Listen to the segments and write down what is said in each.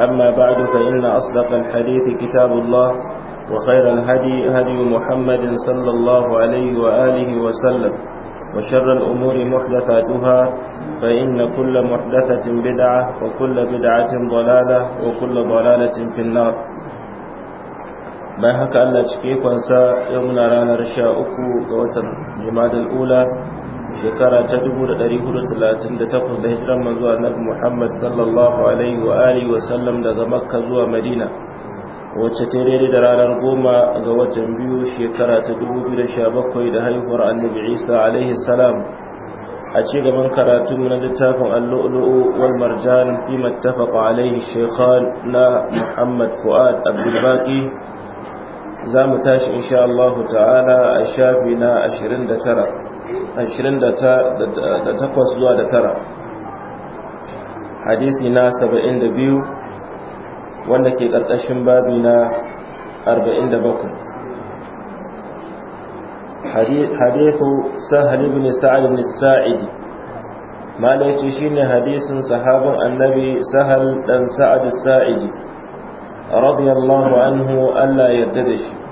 أما بعد فإن أصدق الحديث كتاب الله وخير الهدي هدي محمد صلى الله عليه وآله وسلم وشر الأمور محدثاتها فإن كل محدثة بدعة وكل بدعة ضلالة وكل ضلالة في النار bayan haka Allah cike kwansa yau muna ranar sha uku ga watan Jumadal Ula shekara ta 438 da hijiran manzo annabi Muhammad sallallahu alaihi wa alihi wa sallam daga Makka zuwa Madina wacce ta daidai da ranar goma ga watan biyu shekara ta 2017 da haihuwar annabi Isa alaihi salam a ci gaban karatu na littafin al-lu'lu'u wal marjan fi mattafaqa alaihi shaykhan na Muhammad Fuad Abdul Baqi za mu tashi insha Allah ta'ala a shafi na 29 28 zuwa da tara hadisi na 72 wanda ke ƙarƙashin babi na 47 hadithu sahal ibn sa'ad ibn sa'id malaici shine hadisin sahabin annabi sahal dan sa'ad sa'idi radiyallahu anhu Allah yarda da shi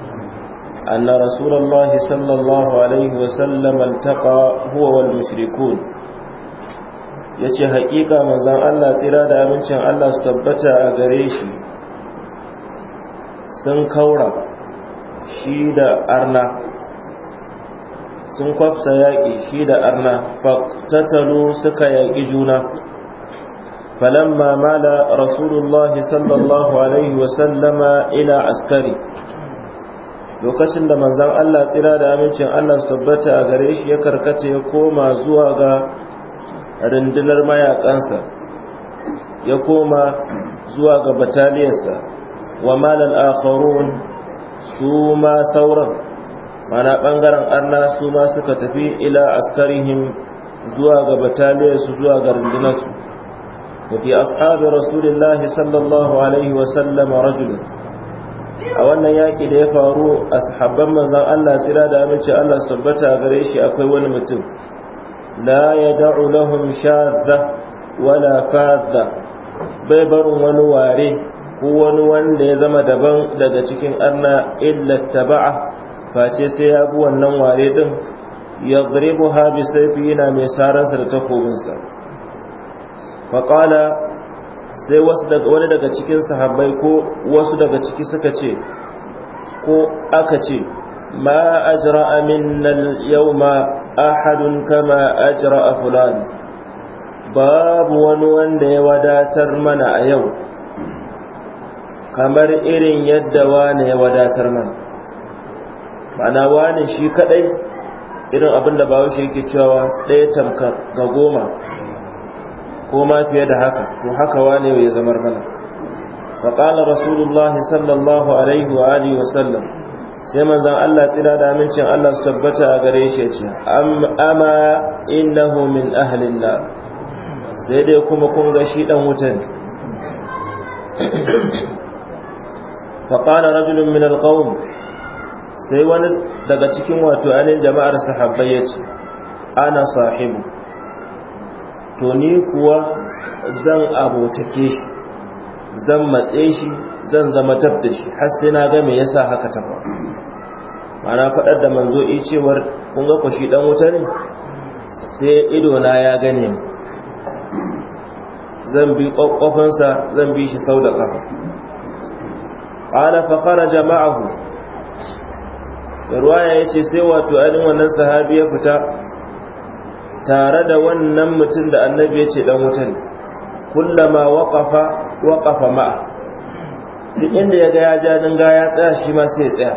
أن رسول الله صلى الله عليه وسلم التقى هو والمشركون yace haƙiƙa manzon Allah tsira da abincin Allah su tabbata a gare shi sun kaura shi da arna sun kwafsa yaƙi shi da arna faƙtattalo suka yaƙi juna falamma mala rasulullahi sallallahu alaihi wasallama ila askari lokacin da manzan Allah tsira da amincin Allah su tabbata a gare shi ya karkata ya koma zuwa ga rundunar mayakansa ya koma zuwa ga bataliyarsa wa malal akharun su ma sauran mana ɓangaren Allah su ma suka tafi ila askarihim zuwa ga bataliyarsu zuwa ga rundunarsu وفي أصحاب رسول الله صلى الله عليه وسلم رجل a wannan yaki da ya faru a sahabban manzan Allah tsira da amince Allah su tabbata gare shi akwai wani mutum la ya da'u lahum shadda wala fadda bai barin wani ware ko wani wanda ya zama daban daga cikin anna illa taba'a face sai ya bi wannan ware din ya zuribu ha bi saifi yana mai sararsa da takobinsa faƙala sai wani daga cikin sahabbai ko wasu daga ciki suka ce ko aka ce ma ajra'a minnal yawma ahadun kama ajra'a fulan babu wani wanda ya wadatar mana a yau kamar irin yadda wani ya wadatar mana mana wani shi kadai irin abin da bawo shi yake cewa ɗaya tamkar ga goma ko ma fiye da haka ko haka wane ya zamar mana faƙala rasulullahi sallallahu alaihi wa alihi wasallam sai manzan Allah tsira da amincin Allah su tabbata a gare shi yace amma innahu min ahlin nar sai dai kuma kun ga shi dan wuta ne faƙala rajulun min alqawm sai wani daga cikin wato ainihin jama'ar sahabbai yace ana sahibu to ni kuwa zan abotake shi zan matse shi zan zama tab shi har sai na ga me yasa haka ta ba mana faɗar da manzo yi cewar kun ga kwashi dan wuta ne sai ido na ya gane ni zan bi kokkofansa zan bi shi sau da kafa qala fa kharaja ma'ahu ruwaya yace sai wato ainihin wannan sahabi ya fita tare da wannan mutum da annabi ya ce dan wuta ne kullama waqafa waqafa ma duk inda ya ga ya ja ga ya tsaya shi ma sai ya tsaya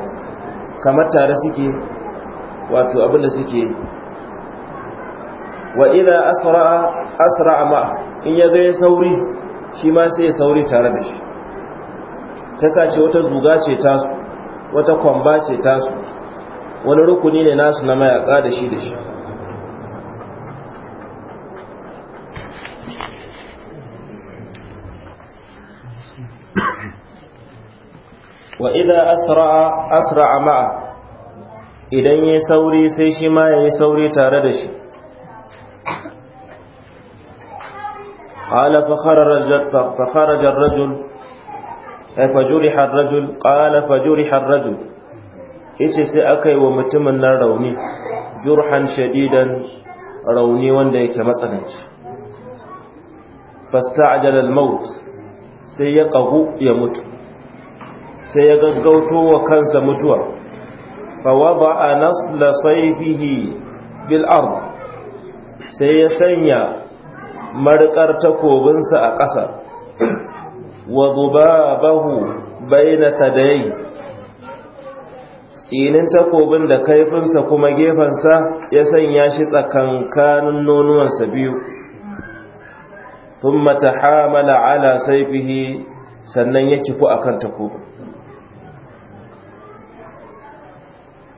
kamar tare suke wato abin da suke wa idza asra asra ma in ya ga sauri shi ma sai ya sauri tare da shi kaka ce wata zuga ce ta wata kwamba ce ta wani rukuni ne nasu na mayaka da shi da shi وإذا أسرع أسرع معه إذن يسوري سيشي ما يسوري تاردش قال فخرج الرجل فجرح الرجل قال فجرح الرجل إيش سأكي ومتمنى روني جرحا شديدا روني وانديك مثلا فاستعجل الموت سيقه يموت sai ya gaggauto wa kansa mutuwa fa wada'a nasla sayfihi bil ard sai ya sanya marƙar takobinsa a ƙasa wa dubabahu baina sadai tsinin takobin da kaifinsa kuma gefensa ya sanya shi tsakankanin nonuwansa biyu thumma tahamala ala sayfihi sannan ya kifu akan takobin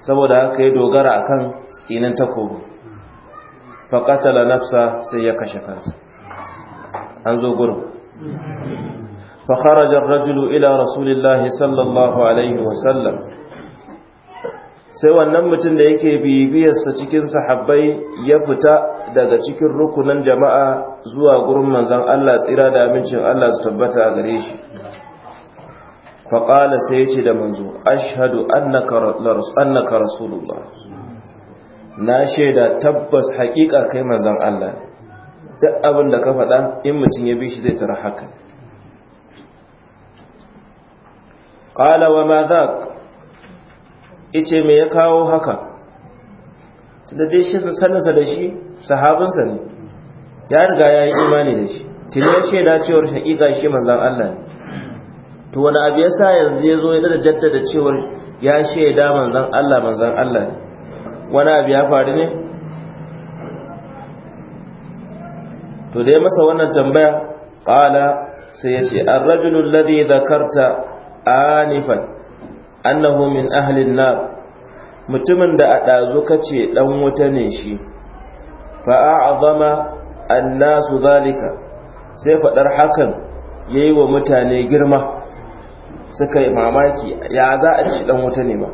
saboda haka ya dogara a kan tsinin takobi faƙatala nafsa sai ya kashe kansa an zo gurin fakharajar rajulu ila rasulillah sallallahu alaihi wasallam sai wannan mutum da yake bibiyarsa cikin sahabbai ya fita daga cikin rukunan jama'a zuwa gurin manzan Allah tsira da amincin Allah su tabbata a gare shi faƙala sai ya ce da manzo ashadu annaka rasulullah na shaida tabbas haƙiƙa kai manzan Allah duk abin da ka faɗa in mutum ya bi shi zai tara haka ƙala wa ma za ice me ya kawo haka da dai shi sanarsa da shi sahabinsa ne ya riga ya yi imani da shi tuni ya shaida cewar haƙiƙa shi manzan Allah ne to wani abu yasa yanzu ya zo ya da jaddada cewar ya shaida manzan Allah manzan Allah wani abu ya faru ne to da ya masa wannan tambaya qala sai ya ce ar-rajulu alladhi dhakarta anifan annahu min ahli an-nar mutumin da a ka ce ɗan wuta ne shi fa a'zama an zalika sai faɗar hakan yayi wa mutane girma suka yi mamaki ya za a ci dan wuta ne ba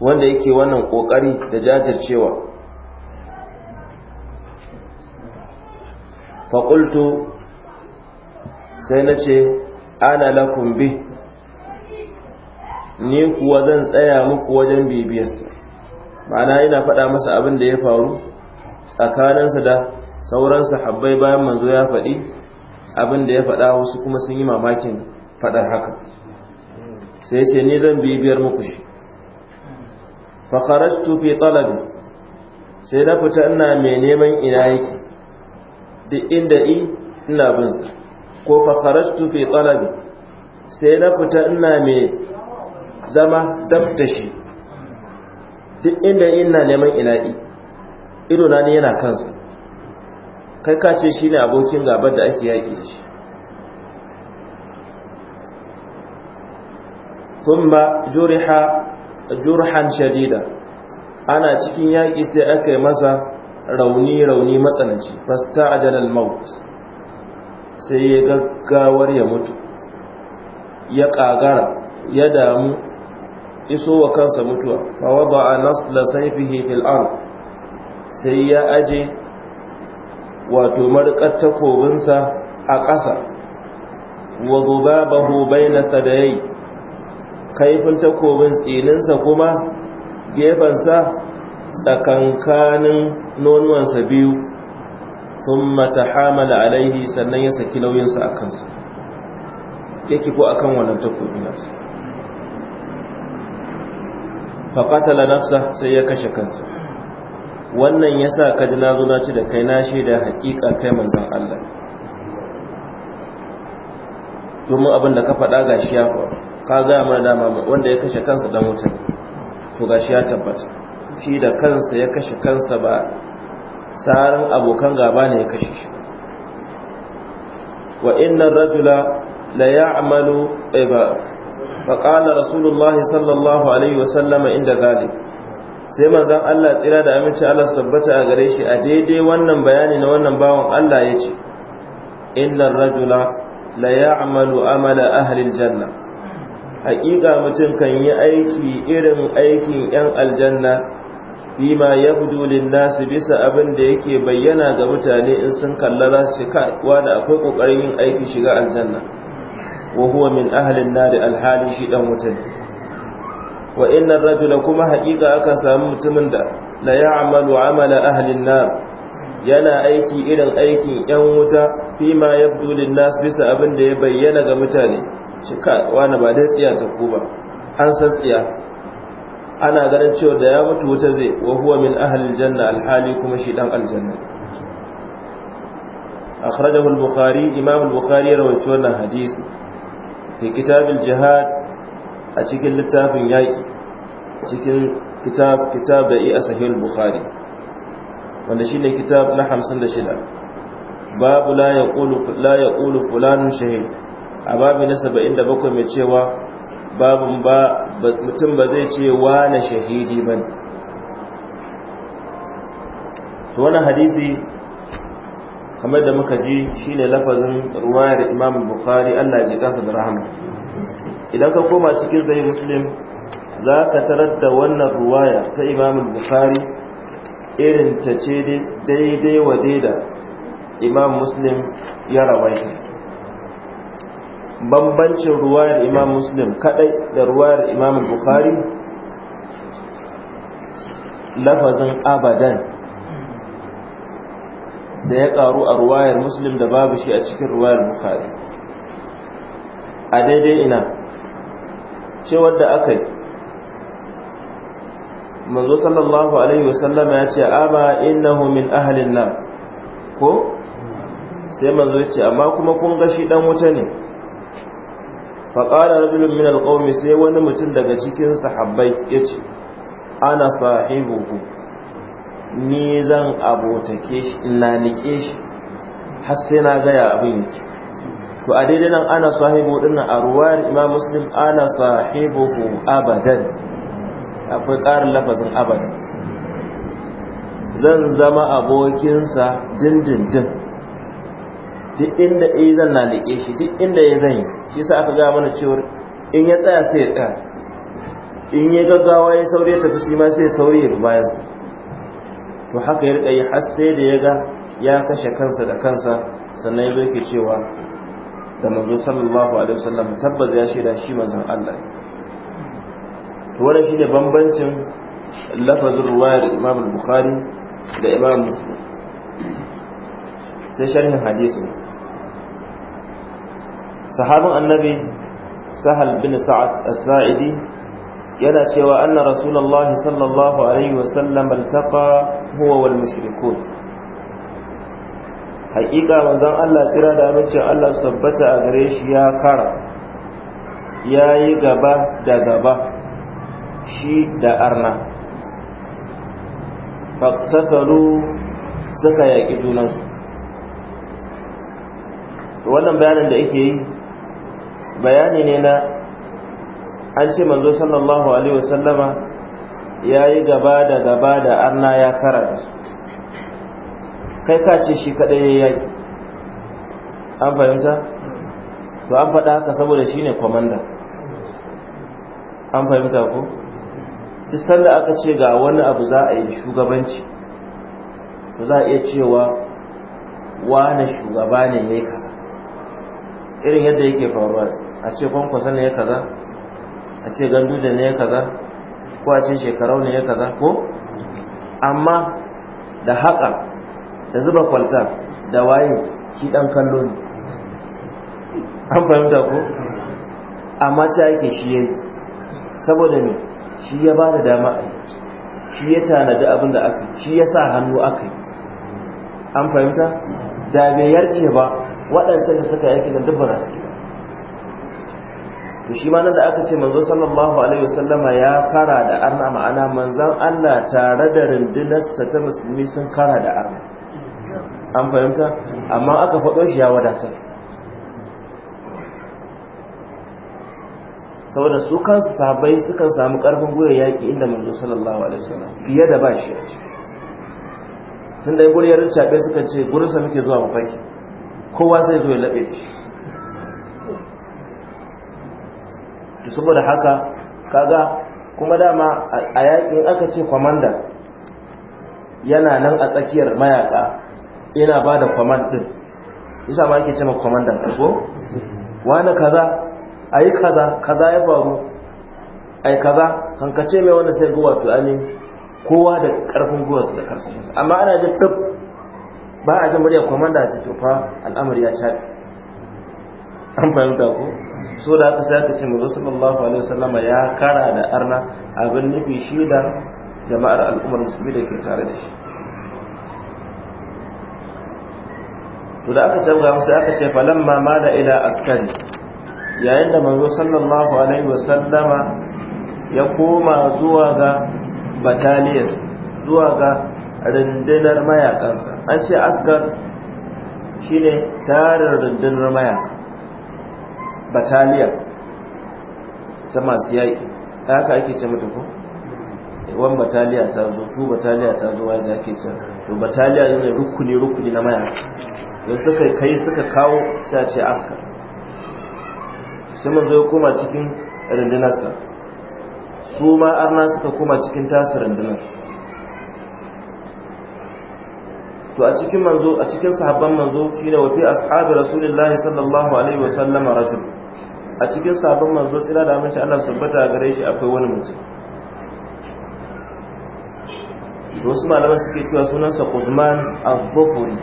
wanda yake wannan kokari da jajircewa faƙultu sai na ce ana lakum bi ni kuwa zan tsaya muku wajen bibiyarsa ma'ana ina faɗa masa abin da ya faru tsakaninsa da sauran sahabbai bayan manzo ya faɗi abin da ya faɗa wasu kuma sun yi mamakin faɗar haka sai ce ni zan bibiyar muku shi fakharajtu fi talabi sai na fita ina mai neman ina yake duk inda i ina bin sa ko fakharajtu fi talabi sai na fita ina mai zama dafta shi duk inda ina neman ina i ido na ne yana kansa kai ka ce shine abokin gabar da ake yaki da shi ثم جرح جرحا شديدا ana cikin yaƙi sai aka yi masa rauni-rauni matsananci fasta ajalal maut sai ya gaggawar ya mutu ya ƙagara ya damu iso wa kansa mutuwa fawa ba nasla saifihi fil sai ya aje wato marƙar takobinsa a ƙasa wa gubabahu bayna tadayai kaifin takobin tsininsa kuma gefensa tsakankanin nonuwansa biyu tun mata hamala alaihi sannan ya saki lauyinsa a kansa yake ko kan wannan takobin nasu faƙatala nafsa sai ya kashe kansa wannan ya sa kaji na ci da kai na da haƙiƙa kai manzan Allah domin abin da ka faɗa ga shi ya faru ka gaya mana dama wanda ya kashe kansa dan wuta to gashi ya tabbata shi da kansa ya kashe kansa ba tsarin abokan gaba ne ya kashe shi wa innan rajula la ya'malu eh, ba fa qala rasulullah sallallahu alaihi wa sallama inda gali sai manzon Allah tsira da aminci Allah su tabbata a gare shi a daidai wannan bayani na wannan bawan Allah yace innan rajula la ya'malu amala ahli aljanna haƙiƙa mutum kan yi aiki irin aikin 'yan aljanna ma ya budulin nasu bisa abin da yake bayyana ga mutane in sun kalla za su ce wani akwai ƙoƙarin yin aiki shiga aljanna wa huwa min ahalin da alhali shi ɗan mutum wa innan rajula kuma haƙiƙa aka samu mutumin da la amalu amala ahalin na yana aiki irin aikin 'yan wuta ma ya budulin nasu bisa abin da ya bayyana ga mutane cika wani ba dai tsiya ta ku ba an san tsiya ana ganin cewa da ya mutu wuta zai wa huwa min ahlil janna alhali kuma shi dan aljanna akhrajahu al-bukhari imam al-bukhari rawaito wannan hadisi fi kitab al-jihad a cikin littafin yaki cikin kitab kitab da iya sahih bukhari wanda shine kitab na 56 babu la yaqulu la yaqulu fulanun shahid a babu na saba'in da bakwai mai cewa babin ba mutum ba zai ce wa na shahidi ba ne to wani hadisi kamar da muka ji shi ne lafazin ruwayar imam bukari allah ji kasa da rahama idan ka koma cikin zai muslim za ka tarar da wannan ruwaya ta imam bukari irin ta ce daidai wa daida imam muslim ya rawaita bambancin ruwayar imam muslim kadai da ruwayar imam bukhari lafazin abadan da ya karu a ruwayar muslim da babu shi a cikin ruwayar bukhari a daidai ina cewar da aka yi manzo sallallahu alaihi wasallama ya ce aba innahu min ahlin nan ko sai manzo ya ce amma kuma kun ga shi dan wuta ne faƙara rajulun min alƙawmi sai wani mutum daga cikin sahabbai ya ce ana sahibuhu ni zan abotake shi na nike shi har sai na gaya abin yake to a daidai nan ana sahibu din a ruwayar imam muslim ana sahibuhu abadan akwai ƙarin lafazin abadan zan zama abokinsa dindindin duk inda yi eh, zan na liƙe shi duk inda ya zan yi shi sa aka gaya mana cewar in ya tsaya sai ya tsaya in ya gaggawa ya sauri ya tafi shi ma sai ya saurin ya bi bayan sa to haka ya riƙa yi haske da ya ga ya kashe kansa da kansa sannan ya zo yake cewa da manzo sallallahu alaihi wasallam tabbas ya shaida shi manzon Allah to wannan shine bambancin lafazin ruwayar Imam Bukhari da Imam Muslim sai sharhin hadisin sahabin annabi sahal bin sa'ad as yana cewa anna Rasulallah, sallallahu alaihi wasallam altaqa huwa wal mushrikun haƙiƙa manzon Allah tsira da amincin Allah su tabbata a gare shi ya kara ya yi gaba da gaba shi da arna faktatalu suka yaƙi junansu wannan bayanin da ake yi bayani ne na an ce manzo sallallahu alaihi wasallama ya yi gaba da gaba da arna ya kara da su kai ka ce shi kaɗai ya yi an fahimta to an faɗa haka saboda shi ne kwamanda an fahimta ko tistan da aka ce ga wani abu za a yi shugabanci to za a iya cewa wane shugaba ne ya yi kasa irin yadda yake faruwa a ce kwankwasa ne ya kaza a ce ganduje ne ya kaza ko a ce shekarau ne ya kaza ko amma da haƙa da zuba kwalta da waye shi ɗan kallo ne an fahimta ko amma ce ake shi ya yi saboda ne shi ya ba da dama a shi ya tanadi abin da aka shi ya sa hannu aka yi an fahimta da bai yarce ba waɗancan da suka yake da dubbara su to shi ma nan da aka ce manzo sallallahu alaihi wasallama ya fara da arna ma'ana manzan Allah tare da sa ta musulmi sun fara da arna an fahimta amma aka faɗo shi ya wadata saboda su kansu sahabbai sukan samu ƙarfin gure yaƙi inda manzo sallallahu alaihi wasallam fiye da ba shi tun da gure ya rincaɓe suka ce gurinsa muke zuwa mafaki kowa sai zo ya labe. shi to saboda haka kaga kuma dama a yakin aka ce kwamandan yana nan a tsakiyar mayaka yana ba da kwamand din isa ma ake ce ma kwamandan ko wani kaza a yi kaza kaza ya faru a yi kaza hankace mai wanda sai guwa to ani kowa da karfin guwarsa da karfin amma ana jin duk ba a jin murya kwamanda ce to fa al'amari ya cari. an fahimta ko so da aka sai aka ce manzo sallallahu alaihi wasallama ya kara da arna abin nufi shi da jama'ar al'ummar musulmi da ke tare da shi to da aka sabga musu aka ce falamma da ila askari yayin da manzo sallallahu alaihi wasallama ya koma zuwa ga bataliyas zuwa ga rundunar mayakansa an ce askar shine tarin rundunar mayaka bataliya ta masu yayi ta haka ake ce mata ko wan bataliya ta zo tu bataliya ta zo wanda ake ce to bataliya ne rukuni rukuni na maya don suka kai suka kawo sai a ce askar sai mun zo koma cikin rundunarsa su ma arna suka koma cikin tasa rundunar to a cikin manzo a cikin sahabban manzo shine wa fi ashabi rasulullahi sallallahu alaihi wa rajul a cikin sabon manzo tsira da aminci Allah tabbata gare shi akwai wani mutum wasu malaman suke cewa sunansa Uthman al-Bukhari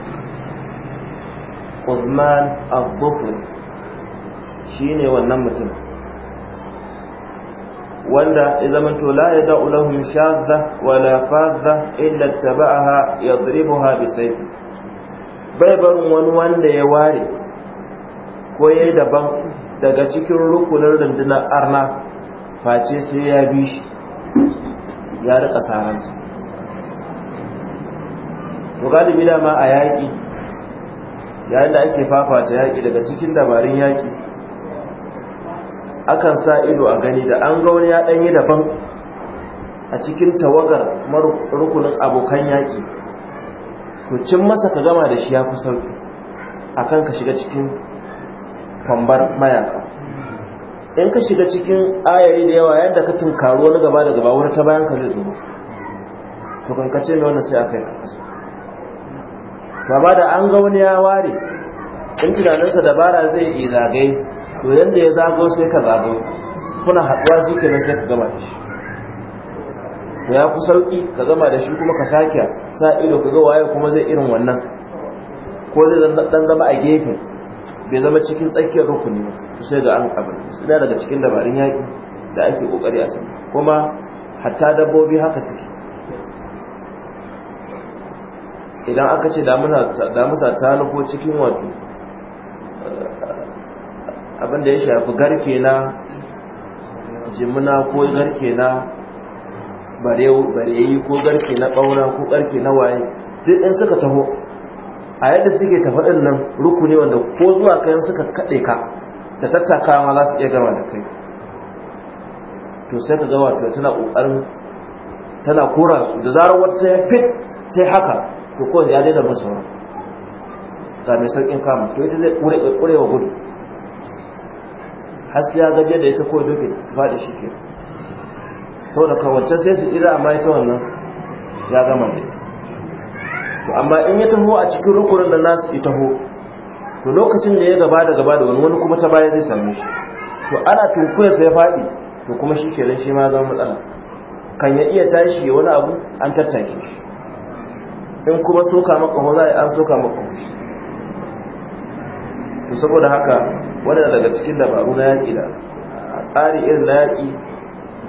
Uthman al-Bukhari shine wannan mutum wanda ya zama to la ya da'u lahum shadda la fadda illa taba'aha yadribuha bisayfi bai barin wani wanda ya ware ko yayi daban daga cikin rukunin rundunar arna face sai ya bi shi ya rika saransa to galibi dama a yaƙi yayin da ake fafata yaƙi daga cikin dabarun yaƙi akan sa ido a gani da an ga wani ya ɗanyi daban a cikin tawagar rukunin abokan yaƙi to cin masa ka gama da shi ya fi sauƙi akan ka shiga cikin kwambar mayaka in ka shiga cikin ayari da yawa yadda ka tunkaru wani gaba da gaba wani ta bayan ka zai zuwa to ce mai wannan sai aka yi kasa baba da an ga wani ya ware in tunaninsa dabara zai yi zagaye to yadda ya zago sai ka zago kuna haɗuwa su ke sai ka gama da shi to ya ku sauƙi ka gama da shi kuma ka sake sa ido ka ga waye kuma zai irin wannan ko zai dan zama a gefe bai zama cikin tsakiyar rukuni ba sai ga an abin suna daga cikin dabarun yaƙi da ake ƙoƙari a sama kuma hatta dabbobi haka suke idan aka ce damusa ta nufo cikin wato eh, abin da ya shafi garke na jimina ko garke na bareyi ko garke na ɓauna ko garke na waye duk ɗin suka taho a yadda suke tafaɗin nan rukuni wanda ko zuwa kayan suka kaɗe ka da tattakawa za su iya gama da kai to sai ka ga wato tana ƙoƙarin tana kora su da zarar wata ya fit ta haka to ko ya daina musu wa ga mai sauƙin kama to ita zai ƙure wa gudu haske ya gaje da ita ko doke ta faɗi shi ke saboda kawancan sai su ira a ita wannan ya gama da ita to amma in ya taho a cikin rukunin da nasu ya taho to lokacin da ya gaba da gaba da wani wani kuma ta baya zai same shi to ana tunkuya sai ya faɗi to kuma shi kenan shi ma zama matsala kan ya iya tashi ya wani abu an tattake shi in kuma soka maka ho za a an soka maka ho to saboda haka wanda daga cikin dabaru na yaƙi da tsari irin na yaƙi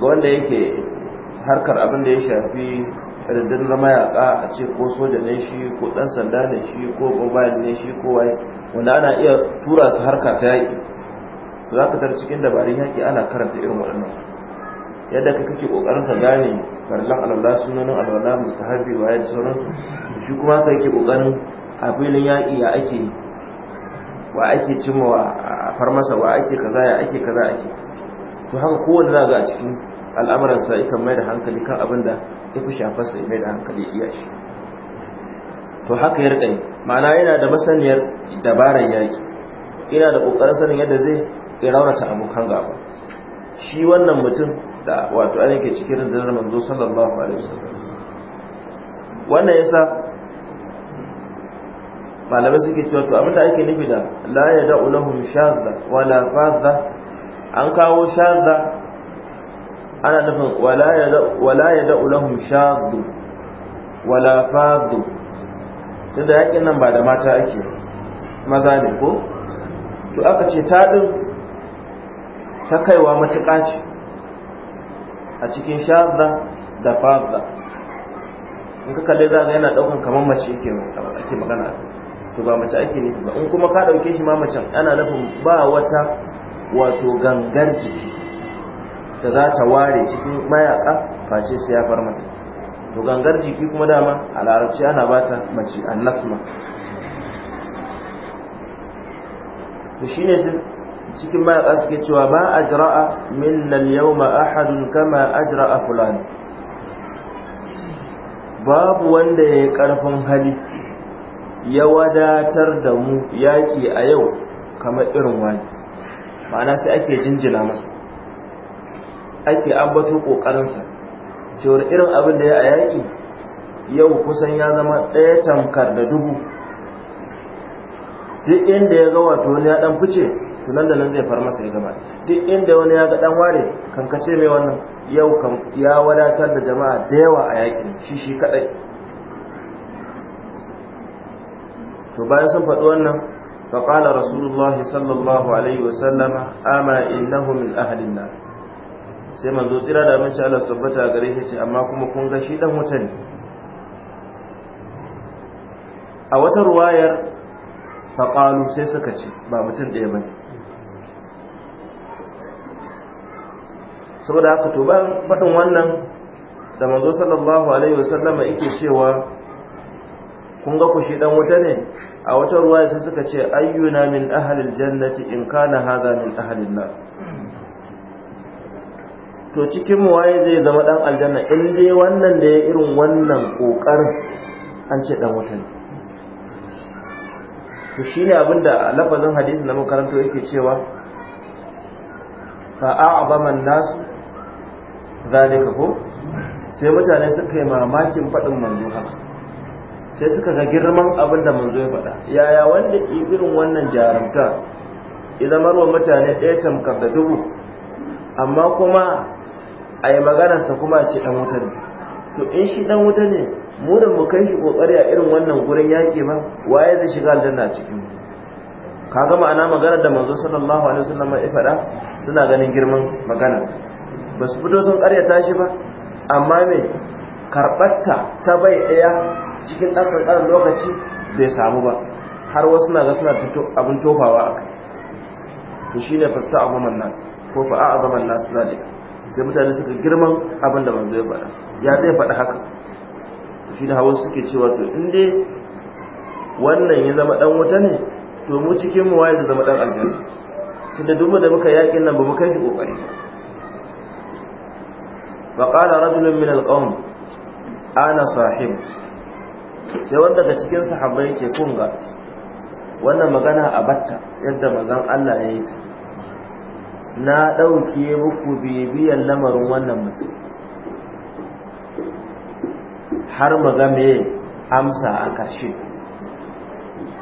ga wanda yake harkar abin da ya shafi ƙarƙarar na mayaƙa a ce ko soja ne shi ko ɗan sanda ne shi ko mobile ne shi ko waye wanda ana iya tura su harka ta yaƙi za ka tar cikin dabarun yaƙi ana karanta irin waɗannan yadda ka kake ƙoƙarin ka gane farlan alwala sunanin alwala mustahabi waye da sauransu shi kuma ka yake ƙoƙarin a filin yaƙi ya ake wa ake cimma wa a farmasa wa ake kaza ya ake kaza ake to haka kowanne za ga a cikin al'amuransa yakan mai da hankali kan abin da ya fi shafarsa ya mai da hankali iya shi to haka ya rikai ma'ana yana da masaniyar dabarar yaki yana da ƙoƙarin sanin yadda zai ya raunata abokan gaba shi wannan mutum da wato an yake cikin da manzo sallallahu alaihi wasallam wannan yasa malamai suke cewa to abinda ake nufi da la da'u lahum shadda wala fadda an kawo shadda ana nufin wala ya da'u lahum shaddu wala fadu tunda yakin nan ba da mata ake maza ne ko to aka ce ta ɗin ta kaiwa matuƙa ce a cikin shadda da fadda in ka kalli za ga yana daukan kamar mace ke ake magana to ba mace ake ne ba in kuma ka dauke shi ma macen ana nufin ba wata wato gangar jiki da za ta ware cikin mayaka face sai ya far mata to gangar jiki kuma dama a larabci ana bata mace annasma to shine cikin mayaka suke cewa ba ajra'a minna al-yawma ahadun kama ajra'a fulani. babu wanda ya karfin hali ya wadatar da mu yaki a yau kamar irin wani ma'ana sai ake jinjina masa ake ambato kokarinsa cewar irin abin da ya a yaƙi yau kusan ya zama ɗaya tamkar da dubu duk inda ya ga wato wani ya ɗan fice to nan da nan zai far masa ya gama duk inda wani ya ga ɗan ware kankace mai wannan yau ya wadatar da jama'a da yawa a yaƙin shi shi kaɗai to bayan sun faɗi wannan فقال رسول الله صلى الله عليه وسلم أما إنه من أهل النار sai manzo tsira da mace Allah tabbata gare shi ce amma kuma kun ga shi dan wuta ne a wata ruwayar qalu sai suka ce ba mutum ɗaya bane saboda haka to ban faɗin wannan da manzo sallallahu alaihi wasallama yake cewa kun ga ku shi dan wuta ne a wata ruwaya sai suka ce ayyuna min ahlil jannati in kana hadha min ahlin nar to cikin mu waye zai zama dan aljanna in dai wannan da ya irin wannan kokarin an ce dan wuta ne to shine abinda lafazin hadisi na makaranto yake cewa fa a'zama an-nas zalika ko sai mutane suka yi mamakin faɗin manzo haka sai suka ga girman abin da manzo ya faɗa yaya wanda irin wannan jarumta idan marwa mutane ɗaya tamkar da dubu amma kuma a yi maganarsa kuma ce ɗan wuta ne to in shi ɗan wuta ne mu da mu kai shi ƙoƙari a irin wannan gurin yaƙi ba waye zai shiga aljanna a cikin ka gama ana maganar da manzo sallallahu alaihi wasallam ya faɗa suna ganin girman magana ba su fito sun ƙaryata shi ba amma me karɓarta ta bai ɗaya cikin ɗan ƙanƙanin lokaci bai samu ba har wasu na ga suna abin tofawa a kai to shine fasta abu mannas ko fa a'azama an-nas zalika sai mutane suka girman abin da manzo ya faɗa ya sai faɗa haka shi da hawa suke cewa to in dai wannan ya zama dan wuta ne to mu cikin mu waye zama dan aljanna tunda duk da muka yakin nan ba mu kai shi kokari wa qala rajulun min al-qawm ana sahib sai wanda daga cikin sahabbai ke kunga wannan magana a batta yadda manzon Allah ya yi ta na ɗauke muku bibiyan lamarin wannan mutum har me amsa a ƙarshe,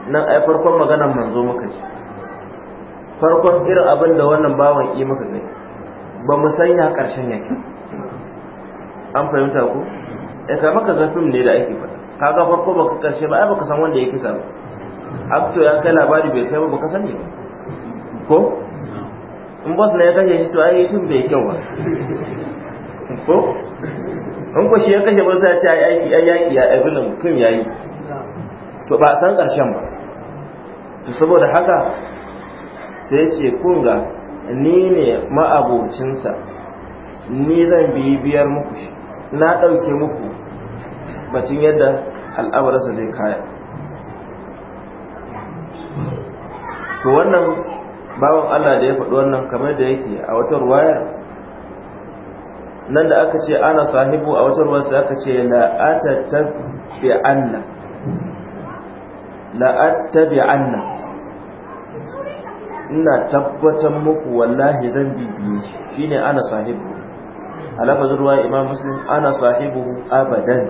nan ai farkon maganan manzo muka ce farkon irin abin da wannan bawan yi muka gani ba mu sanya ƙarshen yake an fahimta ku ya eh, maka ka zafin ne da ake faɗa kaga farko ka ƙarshe ba ai baka san wanda ya kisa ba akto ya kai labari bai kai ba baka sani ba ko in na ya kashe shi to ai shi bai kyau ba ko in ko shi ya kashe ba sai ce ai aiki ai yaki ya abin nan fim yayi to ba san karshen ba to saboda haka sai ya ce kunga ni ne ma'abocinsa ni zan biyar muku shi na ɗauke muku bacin yadda al'abarsa zai kaya to wannan bawan Allah da ya faɗi wannan kamar da yake a wata ruwayar nan da aka ce ana sahibu a wata ruwayar da aka ce la'atattabi anna la'attabi anna ina tabbatar muku wallahi zan bibiye shi shine ana sahibu alaka zuwa imam muslim ana sahibu abadan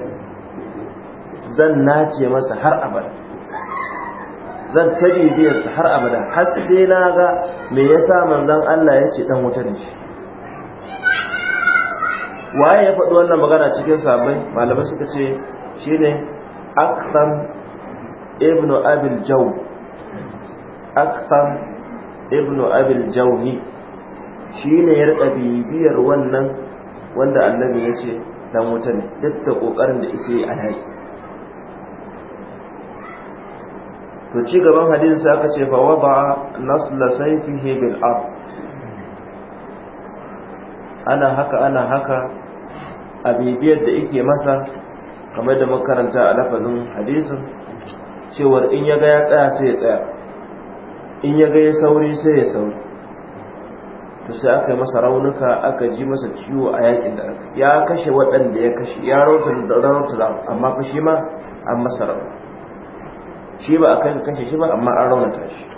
zan nace masa har abada zan tabi biyar har abada har sai na ga me yasa manzon Allah ya ce dan wuta ne shi waye ya faɗi wannan magana cikin sabai malamai suka ce shine aktham ibnu abil jaw aktham ibnu abil jawni shine ya rika bibiyar wannan wanda annabi ya ce dan wuta ne duk da kokarin da yake a yaki to ci gaban hadisi sai aka ce fa waba nasla sayfihi bil ard ana haka ana haka abibiyar da yake masa kamar da makaranta a lafazin hadisin cewar in ya ga ya tsaya sai ya tsaya in ya ga ya sauri sai ya sauri to sai aka yi masa raunuka aka ji masa ciwo a yakin da ya kashe waɗanda ya kashe ya rautar da rautar amma fa shi ma an masa raunuka shi ba a kai kashe shi ba amma an raunata shi to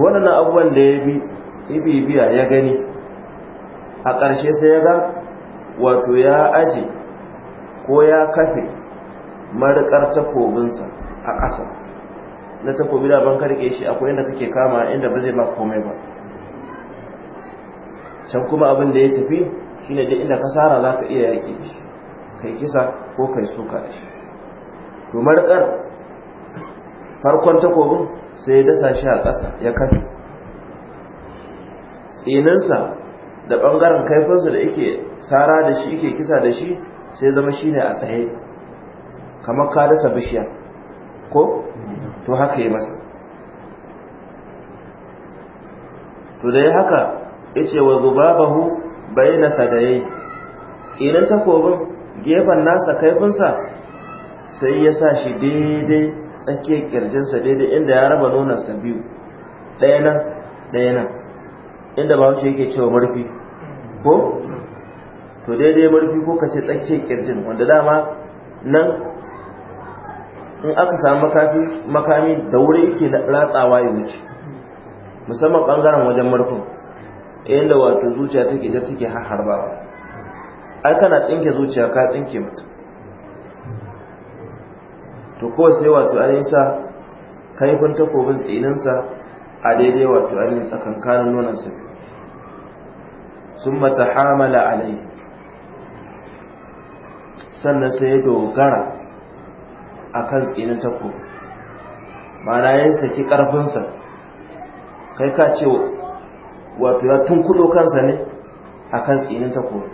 abubuwan da ya bi ibibiya ya gani a ƙarshe sai ya ga wato ya aje ko ya kafe marikar takobinsa a ƙasa na takobi da ban karke shi akwai inda kake kama inda ba zai ma komai ba can kuma abin da ya tafi Shi ne da inda kasara za ka iya yaƙi shi kai kisa ko kai suka shi to marƙar farkon takobin sai ya dasa shi a ƙasa ya kafe tsininsa da ɓangaren kaifinsa da yake tsara da shi yake kisa da shi sai zama shi ne a tsaye kamar ka dasa bishiya ko to haka yi masa to da ya haka ya ce wa zubabahu bai na yi Tsinin takobin gefen nasa kaifinsa sai ya sa shi daidai tsakiyar kirjinsa daidai inda ya raba nonansa biyu ɗaya nan ɗaya nan inda ba wuce yake cewa murfi ko to daidai murfi ko kace tsakiyar kirjin wanda dama nan in aka samu makafi makami da wuri yake ratsawa ya wuce musamman bangaren wajen murfin inda wato zuciya take ta take har harbawa ai kana tsinke zuciya ka tsinke mutum to kowai sai wato an yi sa kaifin takobin tsininsa a daidai wato an yi tsakankanin nonansa sun mata hamala alai sannan sai ya dogara a kan tsinin takobin mana ya saki ƙarfinsa kai ka ce wato ya tun kudo kansa ne a kan tsinin takobi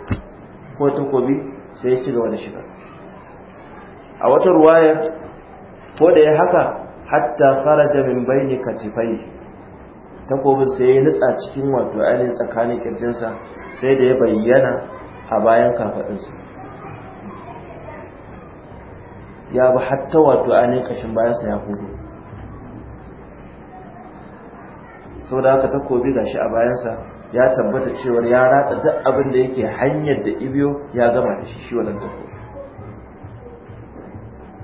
ko takobi sai ya ci gaba da shiga a wata ruwayar ko da ya haka hatta kharaja min bayni katifai, takobin sai ya nutsa cikin wato ainihin tsakanin kirjinsa sai da ya bayyana a bayan su ya bi hatta wato ainihin kashin bayansa ya hudu sau da haka takobi gashi a bayansa ya tabbata cewar ya ratsa duk abin da yake hanyar da ibiyo ya gama da shi shi wannan takobi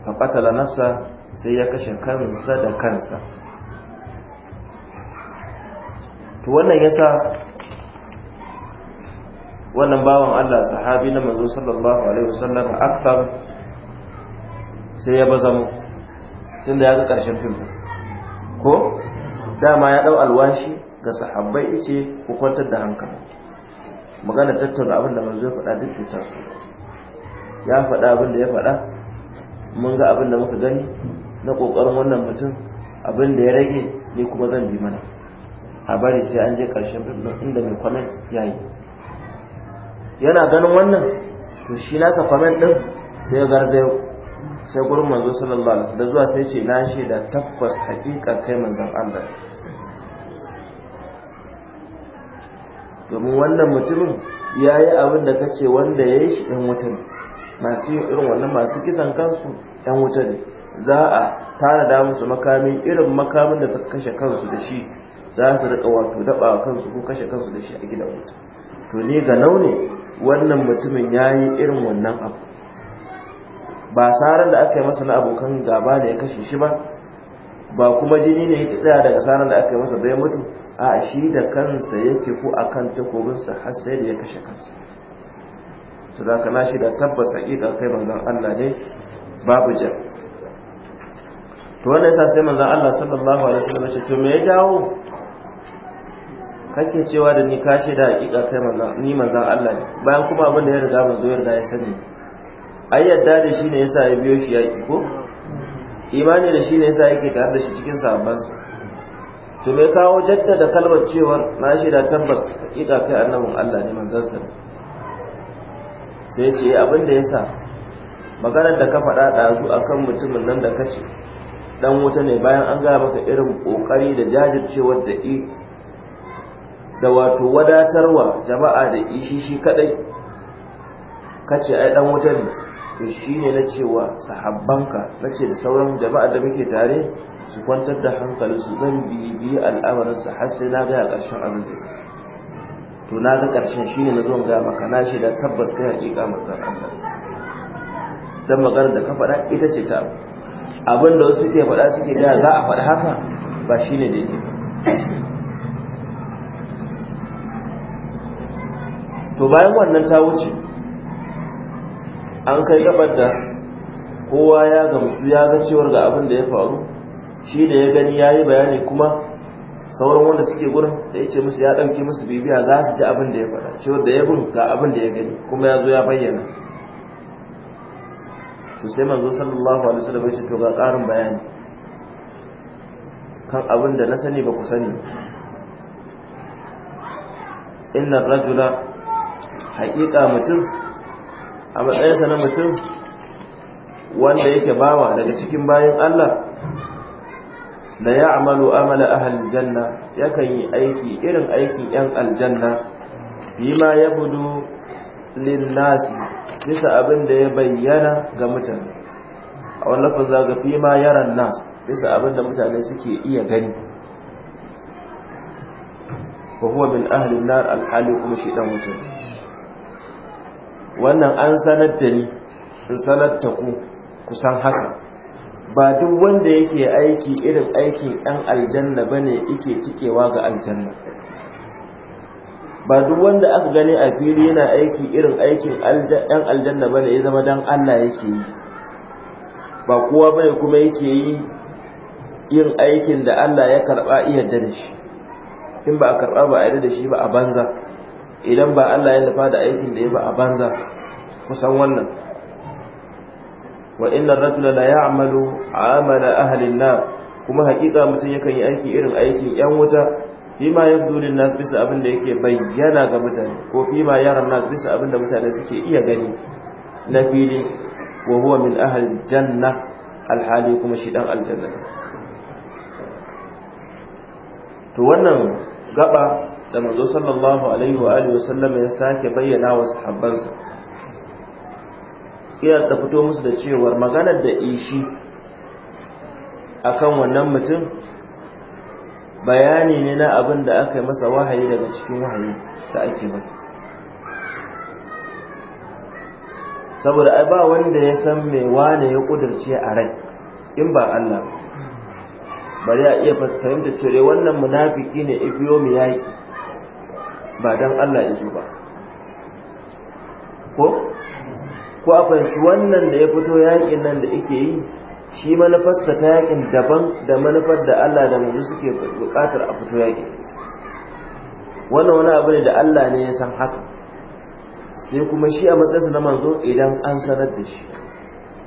fa qatala nafsa sai ya kashe kansa da kansa to wannan yasa wannan bawan Allah sahabi na manzo sallallahu alaihi wasallam akthar sai ya baza mu tunda ya ga karshen fim ko dama ya dau alwashi ga sahabbai yace ku kwantar da hankali magana tattauna abin da manzo ya faɗa duk cutar ya faɗa abin da ya faɗa mun ga abin da muka gani na kokarin wannan mutum abin da ya rage ni kuma zan bi mana a bari sai an je karshen fitnin inda mai kwamen ya yi yana ganin wannan to shi nasa kwamen din sai ya garzayo sai gurin manzo sallallahu alaihi wasallam zuwa sai ce na shi da tabbas hakika kai manzon Allah domin wannan mutumin ya yi abin da kace wanda ya yi shi ɗan mutum masu irin wannan masu kisan kansu yan wuta ne za a tanada musu makamin irin makamin da suka kashe kansu da shi za su rika wato daba kansu ko kashe kansu da shi a gidan wuta to ne ga naune wannan mutumin ya yi irin wannan abu ba saran da aka yi masa na abokan gaba ne ya kashe shi ba ba kuma jini ne ya tsaya daga saran da aka yi masa bai mutu a shi da kansa yake ko kan takobinsa har sai da ya kashe kansa to za ka na shi da tabbasa haƙiƙa kai manzan Allah ne babu jar to wannan yasa sai manzan Allah sallallahu alaihi wasallam ce to me ya dawo kake cewa da ni ka shaida hakika kai manzan ni manzan Allah ne bayan kuma abin da ya riga mu zuwa da ya sani ai yadda da shi ne yasa ya biyo shi yaƙi ko imani da shi ne yasa yake tare da shi cikin sahabbansa to me kawo jaddada kalmar cewar na shaida tabbas hakika kai annabin Allah ne manzon sa sai ce eh, abin da ya sa maganar da ka faɗa ɗazu a kan mutumin nan da ka ce ɗan wuta ne bayan an gaya masa irin ƙoƙari da jajircewar da i da wato wadatarwa jama'a da i shi kaɗai ka ce ai ɗan wuta ne to shi ne na cewa sahabbanka na ce da sauran jama'a da muke tare su kwantar da hankalinsu zan bibiyi al'amarinsa har sai na gaya ƙarshen abin zai to na ga ƙarshen shi ne na zo ga maka na shi da tabbas kai hakika manzan Allah dan magana da ka faɗa ita ce ta abin da wasu ke faɗa suke da za a faɗa haka ba shi ne daidai to bayan wannan ta wuce an kai gabar da kowa ya gamsu ya ga cewar ga abin da ya faru shi da ya gani ya yi bayani kuma sauran wanda suke gurin da ya ce musu ya ɗauki musu bibiya za su ji abin da ya faɗa cewa da ya gudu ga abin da ya gani kuma ya zo ya bayyana su sai manzo sallallahu alaihi wasallam ya ce to ga ƙarin bayani kan abin da na sani ba ku sani inna rajula haƙiƙa mutum a matsayinsa na mutum wanda yake bawa daga cikin bayan Allah da ya amalu amala ahal janna ya kan yi aiki irin aikin yan aljanna bima ya budu linnasi bisa abin da ya bayyana ga mutane a wani zaga fima yaran nas bisa abin da mutane suke iya gani ko huwa min ahlin nar alhali kuma shi dan mutum wannan an sanar da ni in sanar ta ku kusan haka ba duk wanda yake aiki irin aikin ɗan aljanna ba ne yake cikewa ga aljanna ba duk wanda aka gani a fili yana aiki irin aikin ɗan aljanna ba ne ya zama don allah yake yi ba kowa ba ne kuma yake yi yin aikin da allah ya karɓa iya da shi in ba a karɓa ba a yarda da shi ba a banza idan ba allah ya nufa da aikin da ya ba a banza kusan wannan wa inna ar-rajula la ya'malu 'amala ahli an-nar kuma hakika mutum yakan yi aiki irin aikin yan wuta ma yabdu lin-nas bisa abin da yake bayyana ga mutane ko ma yara nas bisa abin da mutane suke iya gani na fili wa huwa min ahli janna alhali kuma shi dan aljanna to wannan gaba da manzo sallallahu alaihi wa alihi sallam ya sake bayyana wa sahabbansa iya ta fito musu da cewar maganar da ishi akan wannan mutum bayani ne na abin da aka yi masa wahayi daga cikin wahayi da ake masa saboda ai ba wanda ya san me wane ya kudurce a rai in ba Allah bari a iya fahimta cewa wannan munafiki ne ifiyo mu yaki ba don Allah ya zo ba ko ko a fahimci wannan da ya fito yakin nan da ake yi shi manufarsa ta yakin daban da manufar da Allah da manzo suke bukatar a fito yakin wannan wani abu ne da Allah ne ya san haka sai kuma shi a matsayinsa na manzo idan an sanar da shi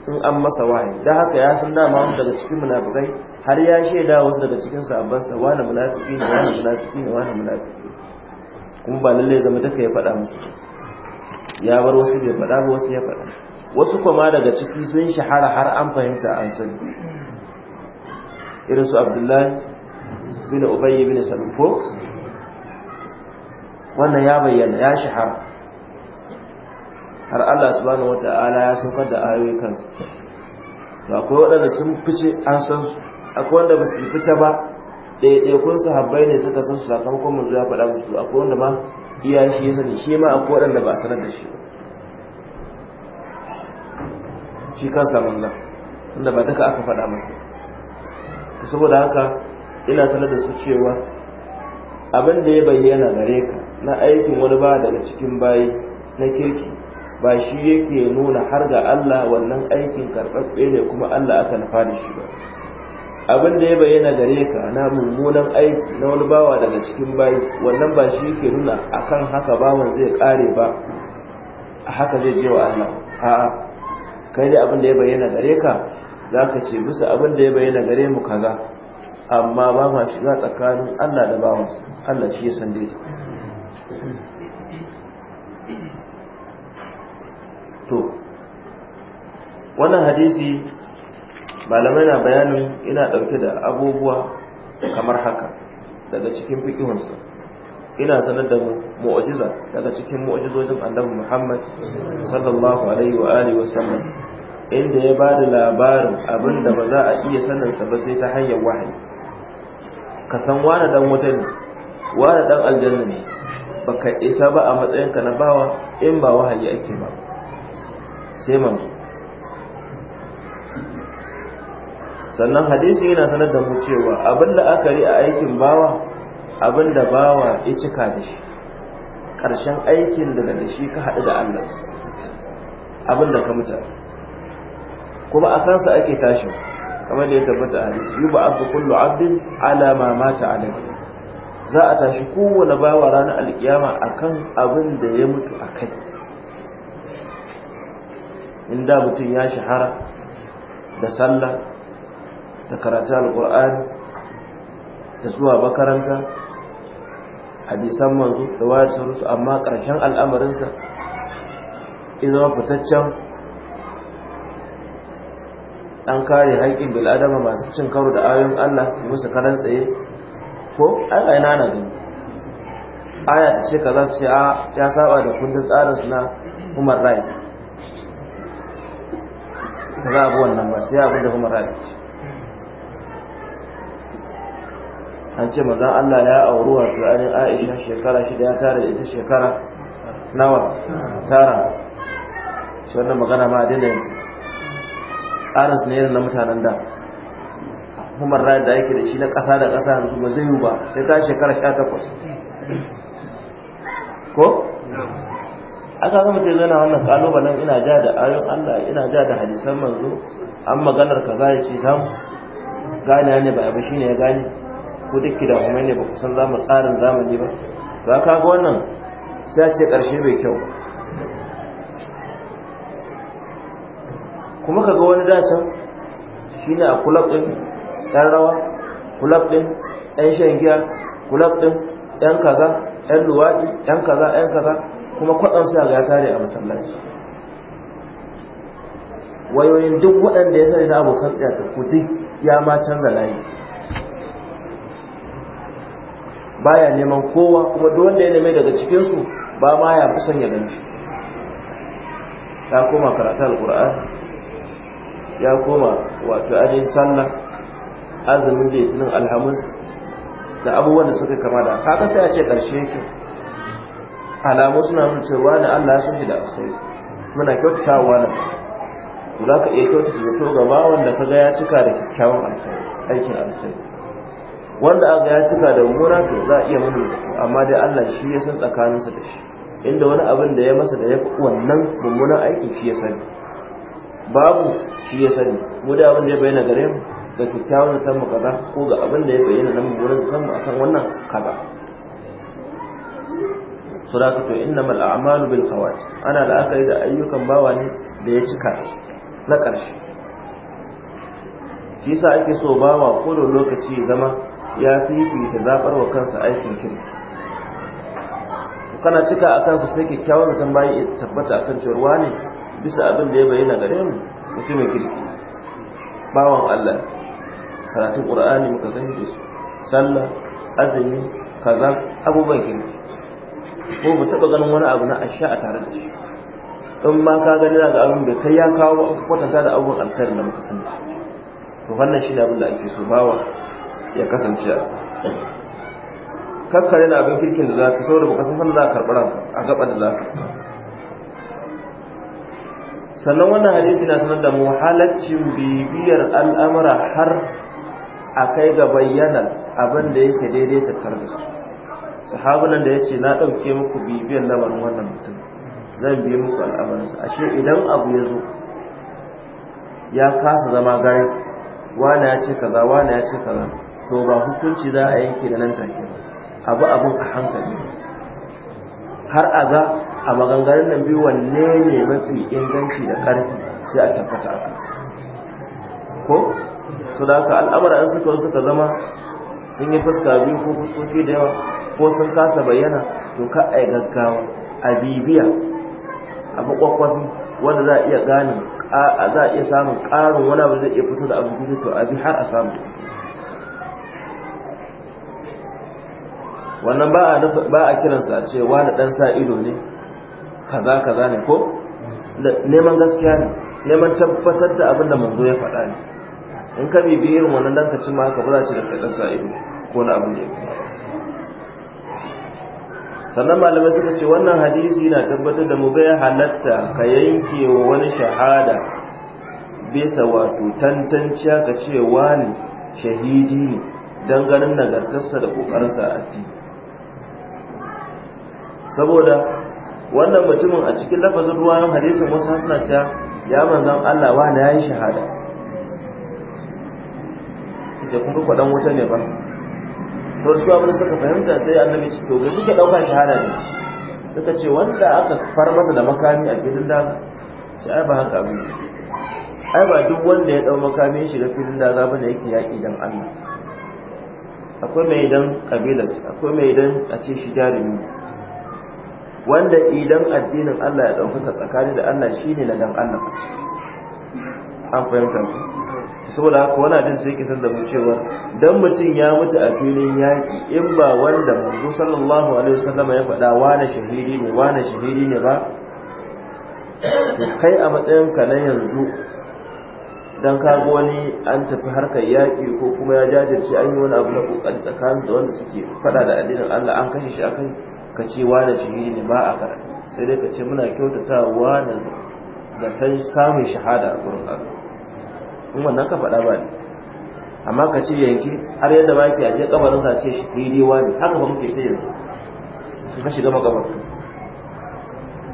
in an masa wahayi dan haka ya san dama daga cikin munafikai har ya shaida wasu daga cikin sahabban sa wani munafiki ne wani munafiki ne wani munafiki kuma ba lalle zama take ya faɗa musu ya bar wasu bai faɗa ba wasu ya faɗa wasu kuma daga ciki sun shahara har an fahimta an san irin su abdullahi bin ubayy bin salul ko wannan ya bayyana ya shahara har Allah subhanahu wata'ala ya saukar da ayoyi kansu to akwai waɗanda sun fice an san su akwai wanda ba su fice ba ɗaiɗaikun Habbai ne suka san su sakamakon mun ya faɗa musu akwai wanda ma iya shi ya sani shi ma akwai waɗanda ba a sanar da shi shi kan samun nan wanda ba duka aka faɗa masa saboda haka ina sanar da su cewa abin da ya bayyana gare ka na aikin wani ba daga cikin bayi na kirki ba shi yake nuna har ga Allah wannan aikin karɓaɓɓe ne kuma Allah aka nufa da shi ba abin da ya bayyana gare ka na mummunan aiki na wani bawa daga cikin bayi wannan ba shi ke nuna akan haka bawan zai kare ba a haka zai je wa Allah a'a kai dai abin da ya bayyana gare ka zaka ce bisa abin da ya bayyana gare mu kaza amma ba ma shiga tsakanin Allah da bawan Allah shi ya san dai to wannan hadisi malamai na bayanin ina ɗauke da abubuwa kamar haka daga cikin fikihunsa ina sanar da mu'ajiza daga cikin mu'ajizojin annabi Muhammad sallallahu alaihi wa alihi wa inda ya ba da labarin abinda ba za a iya sanin sa ba sai ta hanyar wahayi ka san wani dan wuta ne wani dan aljanna ne baka isa ba a matsayin ka na bawa in ba wahayi ake ba sai manzo sannan hadisi yana sanar da mu cewa abin aka yi a aikin bawa abin da bawa ya cika da shi ƙarshen aikin da da shi ka haɗu da Allah abin da ka mutu kuma a kansa ake tashi kamar da ya tabbata a hadisi ba abu kullu abdin ala ma mata alaihi za a tashi kowane bawa ranar alkiyama kan abin da ya mutu a kai inda mutum ya shahara da sallah da karatun alkur'ani da zuwa makaranta hadisan manzo da wayar sauransu amma ƙarshen al'amarinsa izama fitaccen an kare haƙƙin bil'adama masu cin karo da ayoyin Allah su musu karan tsaye ko aya ina na gani aya ta ce kaza su ce a ya saba da kundin tsarin su na human right ba za a bi wannan ba sai abin da human right an ce mazan Allah ya auri wato ainihin Aisha shekara shida ya tara da ita shekara nawa tara shi wannan magana ma dina yin aras ne na mutanen da hukumar rayar da ake da shi na ƙasa da ƙasa yanzu ba zai yi ba sai ta shekara sha takwas ko? aka zama ce zana wannan kalubalen ina ja da ayon Allah ina ja da hadisan manzo an maganar ka za ya ce samu gane ne ba yabi shi ne ya gane ko dukki da kuma ne ba kusan zamu tsarin zamani ba ba ka ga wannan sai a ce karshe bai kyau kuma ka ga wani shi ne a kulab din dan rawa kulab din ɗan shan giya kulab din ɗan kaza ɗan luwaɗi ɗan kaza ɗan kaza kuma kwadan sa ga ya tare a masallaci wayoyin duk waɗanda ya tare na abokan tsiyata ku duk ya ma canza layi baya neman kowa kuma duk wanda ya neme daga cikin su ba ma ya fi son ya ganci ya koma karatu alquran ya koma wato ajin sallah azumin litinin alhamis da abubuwan da suka kama da haka sai a ce karshe yake alamu suna mun cewa da Allah ya san shi da alkhairi muna kyautatawa na za ka iya kyautata da to gaba wanda ka ga ya cika da kyakkyawan aikin alkhairi wanda aka ya cika da gona to za a iya munin amma dai Allah shi ya san tsakaninsa da shi inda wani abin da ya masa da ya fi wannan mummunan aiki shi ya sani babu shi ya sani mu da abin da ya bayyana gare mu ga kyakkyawan san mu kaza ko ga abin da ya bayyana nan mummunan san mu akan wannan kaza suraka to innamal a'malu bil khawat ana la'akari da ayyukan bawa ne da ya cika na ƙarshe shi yasa ake so bawa ko da lokaci zama ya fifita zaɓar wa kansa aikin kirki kana cika a kansa sai kyakkyawar zaton bayan ya tabbata akan cewa ne bisa abin da ya bayyana gare mu mutumin kirki bawan Allah karatun ƙur'ani muka san da su sallah azumi kaza abubuwan kirki ko ba taɓa ganin wani abu na asha a tare da shi in ma ka gani daga abin bai kai ya kawo kwatanta da abubuwan alkhairi da muka san to wannan shi ne abin da ake so bawa ya kasance kakka yana abin kirkin da za ka saurin ba sannan za a karɓi a gaba da za ka sannan wannan hadisi na sanar da mu halaccin bibiyar al'amura har a kai ga bayyanar abin da yake daidai tattar da su sahabunan da ya ce na ɗauke muku bibiyar lamarin wannan mutum zan biye muku a ashe idan abu ya zo ya kasa zama gari wane ya ce kaza wane ya ce kaza to ba hukunci za a yanke da nan take ba abu abin a hankali har a ga a maganganun nan biyu wanne ne mafi inganci da ƙarfi sai a tabbata a ko su da ka al'amura an suka suka zama sun yi fuska biyu ko fuskoki da yawa ko sun kasa bayyana to ka a gaggawa a bibiya a makwakwafi wanda za a iya gane za a iya samun ƙarin wani abu zai iya fito da abu to a bi har a samu wannan ba a kiransa a ce wani dan sa ido ne kaza kaza ne ko neman gaskiya ne neman tabbatar da abin da manzo ya faɗa ne in ka bibi irin wannan dan ka ci ma ka bura shi da kai dan sa ido ko na abin da ya sannan malamai suka ce wannan hadisi na tabbatar da mu ga halatta ka yanke wa wani shahada bisa wato tantanciya ka ce wani shahidi ne don ganin nagartarsa da kokarinsa a addini saboda wannan mutumin a cikin lafazin ruwan hadisin wasu hasna ta ya manzan Allah wa na yi shahada da kuma kwaɗan wuta ne ba to su abin suka fahimta sai annabi ce to ga duka ɗaukar shahada ne suka ce wanda aka far masa da makami a filin da sai ai ba haka abin ai ba duk wanda ya dau makami shi da filin da zaba da yake yaƙi don Allah akwai mai dan kabilas akwai mai dan a ce shi jarumi wanda idan addinin Allah ya ɗaukaka tsakani da Allah shi ne na dan Allah an fahimta ku saboda haka wani abin sai kisan da mu cewa dan mutum ya mutu a filin yaƙi in ba wanda manzo sallallahu alaihi wasallam ya faɗa wani shahidi ne wani shahidi ne ba to kai a matsayin ka na yanzu dan ga wani an tafi harkar yaƙi ko kuma ya jajirce an yi wani abu na kokari tsakanin da wanda suke faɗa da addinin Allah an kashe shi akan ka ce da shahidi ne ba a karatu sai dai ka ce muna kyautata da zaton samun shahada a gurin Allah in wannan ka faɗa ba ne amma ka ce yanki har yadda ba ke aje kabarin sa ce shahidi ne, haka ba muke ta yanzu su ka shiga makabar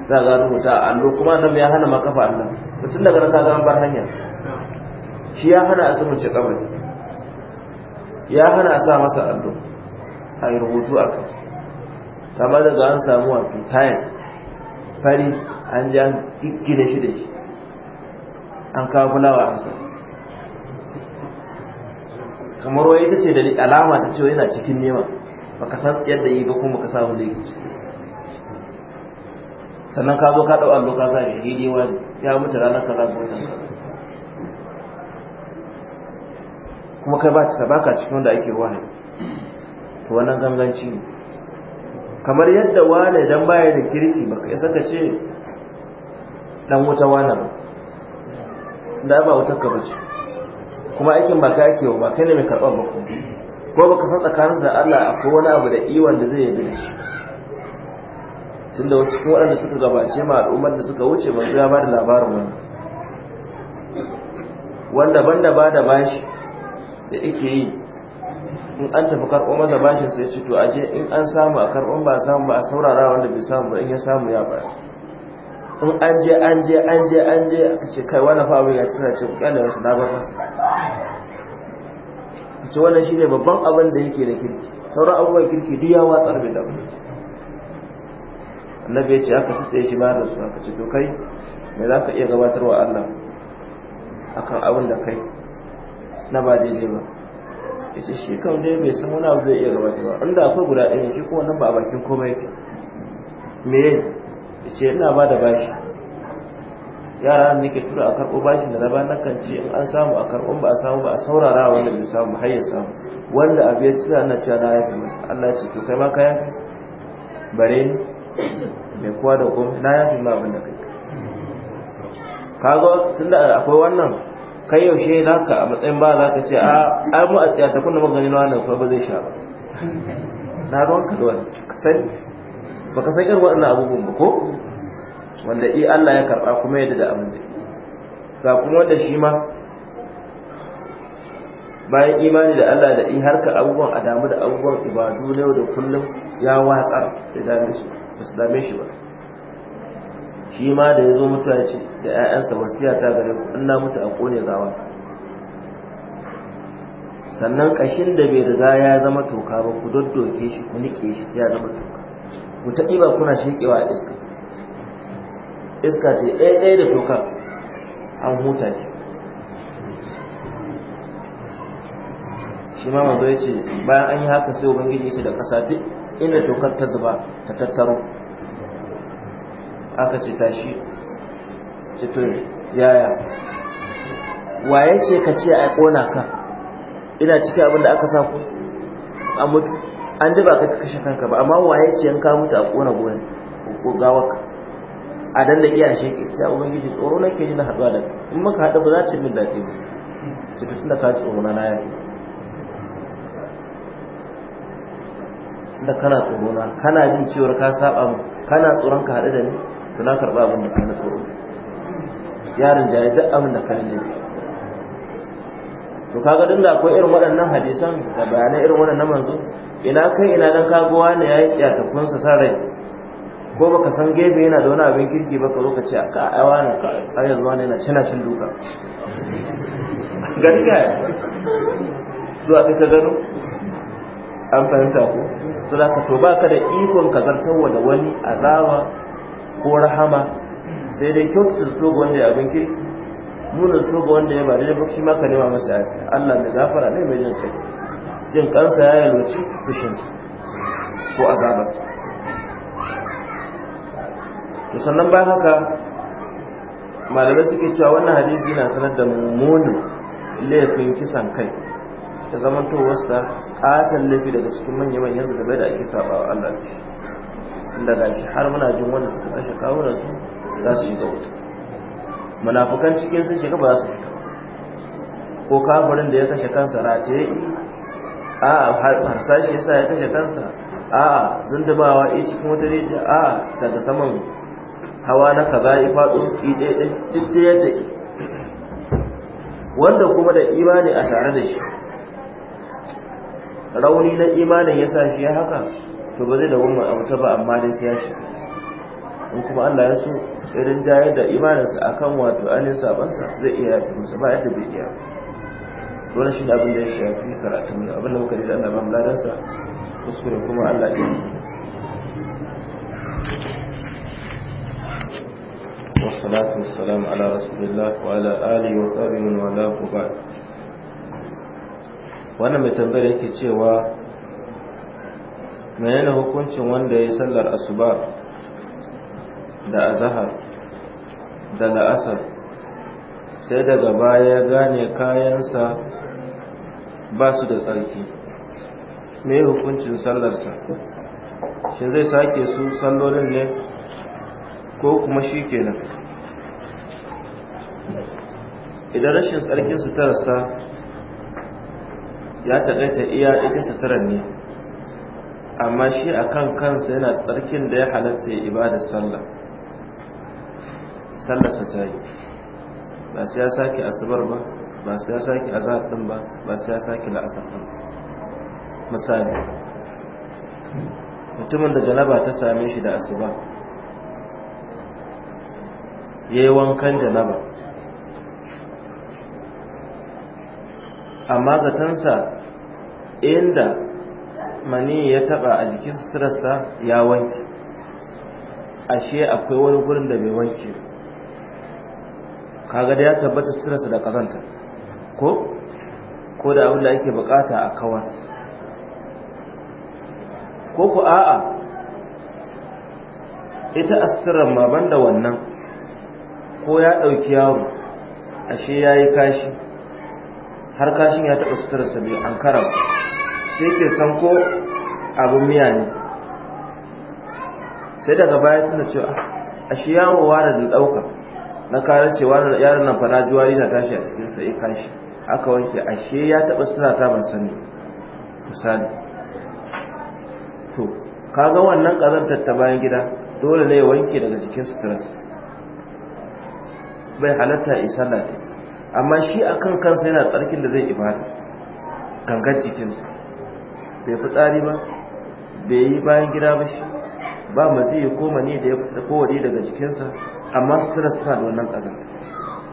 za a gano ta a allo kuma nan ya hana makafa Allah mutum daga nan ta ga bar hanya shi ya hana a samun kabari ya hana a sa masa allo a yi rubutu a kai kama daga an samu wato tayin fari an ji an giggina shi da shi an kawo fulawa a sa kamar wai ita ce da alama ta ce yana cikin nema baka san tsayar da yi ba kuma ka samu zai gici sannan ka zo ka ɗau allo ka sa shi ne, wani ya mutu ranar ka ko ta kuma kai ba ka cikin da ake wahayi to wannan ganganci ne kamar yadda wane dan baya da kirki baka ya saka ce dan wuta wane ba da ba wutar ka bace kuma aikin ba ka ake ba kai ne mai karɓar ba ko baka san tsakanin da Allah akwai wani abu da iwan da zai yi da shi tunda cikin waɗanda suka gabace ma al'ummar da suka wuce ba ya ba da labarin wani wanda banda ba da bashi da yake yi in an tafi karɓo maza bashin sai ci to aje in an samu a karɓon ba samu ba a saurara wanda bai samu ba in ya samu ya ba in an je an je an je an je a ce kai wani fa ya ci ce da wasu na gaba su ce wannan shine babban abin da yake da kirki sauran abubuwan kirki duk ya watsar da wani annabi ya ce aka sitse shi ma da su aka ce to kai me za ka iya gabatarwa Allah akan abin da kai na ba daidai ba Yace shi kan dai bai san wani abu zai iya gaba ba inda akwai guda ɗaya shi kuma nan ba a bakin komai yake me yace ina ba da bashi yara ne ke tura a karɓo bashi da na ba ce in an samu a karɓon ba a samu ba a saurara wanda bai samu har ya samu wanda abu ya ci za na cewa na yafi masa Allah ce to kai ma ka yafi bare ni mai kowa da kuma na yafi ma abin da kai kaga tunda akwai wannan kai yaushe ka a matsayin ba za ka ce a ai mu a tsaya ta kunna magani na wannan kuma ba zai sha ba na ruwan ka duwan ka sani ba ka san irin waɗannan abubuwan ba ko wanda i Allah ya karɓa kuma yadda da abin da ga kuma wanda shi ma bayan imani da Allah da i harka abubuwan a damu da abubuwan ibadu na yau da kullum ya watsar da dame su ba su dame shi ba shi ma da ya zo mutuwa ya ce da 'ya'yansa wasiya ta gare ku in na mutu a kone gawa sannan kashin da bai riga ya zama toka ba ku doddoke shi ku niƙe shi sai ya zama toka ku ta ɗiba kuna shekewa a iska iska ce ɗaya ɗaya da toka an huta shi. shi ma mazo ya ce bayan an yi haka sai ubangiji shi da ƙasa duk inda tokar ta zuba ta tattaro aka ce tashi ce to yaya waye ce ka ce a kona ka ina cikin abin da aka sa ku an mutu an ji ba ka kashe kanka ba amma waye ce yan ka mutu a kona goyon ko gawaka a dan da iya ke ce ubangiji tsoro nake ji na haɗuwa da in muka haɗu ba za ta min daɗi ba ce to tunda ka tsoro na na da kana na, kana jin cewar ka saba mu kana tsoron ka haɗu da ni to na karba abin da ka na tsoro yaron jaye duk abin da ka na laifi to kaga ga da akwai irin waɗannan hadisan da bayanai irin waɗannan manzo ina kai ina dan kagowa wani yayi kun sa san rai ko baka san gefe yana da wani abin kirki ba ka zo ka ce ka ai wani ai yanzu wani yana cina cin duka gani ga zuwa kai ka gano an fahimta ko su da ka to baka da ikon ka zartarwa da wani azaba ko rahama sai dai kyautu su ga wanda ya abin kirki munin ga wanda ya ba daidai ba shi maka nema masa yaki Allah mai gafara ne mai jin kai jin kansa ya yalwaci fushinsa ko azabarsa to sannan bayan haka malamai suke cewa wannan hadisi yana sanar da mummunin laifin kisan kai ta zamantowarsa ƙatan laifi daga cikin manya-manyan zagabai da ake sabawa Allah da shi inda shi har muna jin wanda suka kashe kawunan su za su shiga wuta munafukan cikin sun shiga ba za su fita ko kafirin da ya kashe kansa race a harsashi yasa ya kashe kansa a zindubawa a cikin wata rijiya a daga saman hawa na kaza ya faɗo ɗaiɗai duk da yadda wanda kuma da imani a tare da shi rauni na imanin ya sa shi ya haka to ba zai da wannan abu ta ba amma dai sai ya shi in kuma Allah ya so sai dan jayar da imaninsa akan wato ainihin sabansa zai iya yafi musu ba yadda bai iya dole shi da abin da ya shafi karatu ne abin da muka da Allah ba mu ladansa kuskure kuma Allah ya والصلاة والسلام على رسول الله وعلى آله وصحبه ومن والاه وبعد mai tambayar yake cewa menene hukuncin wanda ya yi sallar asuba da azahar da la'asar sai daga baya gane kayansa ba su da tsarki me hukuncin sallarsa shi zai sake su sallolin ne ko kuma shi kenan idan rashin tsarkin sutararsa ya taƙaita iya ita suturar ne amma shi a kan kansa yana tsarkin da ya halatta ya ibadar sallah sallah sa ta yi ba sai ya sake asabar ba ba sai ya sake azhar din ba ba sai ya sake la'asar din misali mutumin da janaba ta same shi da asuba Ya yi wankan janaba amma zatansa inda mani ya taba a jikin suturarsa ya wanke ashe akwai wani gurin da bai wanke kaga da ya tabbata suturarsa da kazanta ko ko da abin da ake bukata a kawar ko ku a'a ita asturar ma banda wannan ko ya ɗauki yaro ashe ya yi kashi har kashin ya taɓa suturarsa bai an kara sai ke san ko abin miya ne sai daga baya tana cewa a ah, shi yaro wara da ɗauka na kare cewa yaron nan fara juwari na tashi a cikin sa'i ya kashi aka wanke a shi ya taɓa suna ta ban sani misali to kaga wannan ƙazantar ta bayan gida dole ne ya wanke daga cikin stress bai halatta isa amma shi akan kansa yana tsarkin da zai ibada gangar jikinsa bai fitsari ba bai yi bayan gida ba shi ba mazi koma ne da ya fita kowane daga jikinsa amma su tara suna da wannan ƙazanta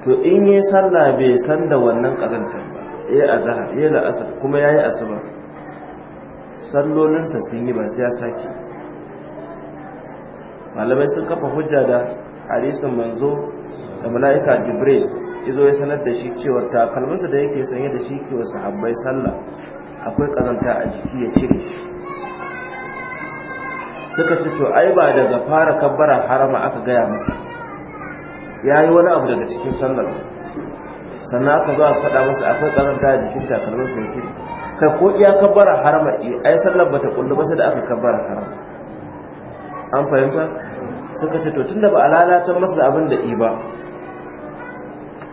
to in yi sallah bai san da wannan ƙazantar ba ya azhar ya la'asar kuma ya yi asuba sallolinsa sun yi ba sai ya sake malamai sun kafa hujja da hadisin manzo da mala'ika jibril izo ya sanar da shi cewar takalminsa da yake sanye da shi ke wasu habbai sallah akwai kazanta a jiki ya cire shi suka ce to ai ba daga fara kabbara harama aka gaya masa ya yi wani abu daga cikin sallar sannan aka zo a faɗa masa akwai kazanta a jikin takalmin sai cire kai ko iya kabbara harama eh, ai sallar bata kullu ba sai da aka kabbara harama an fahimta suka ce to tunda ba a lalatar masa abin da i ba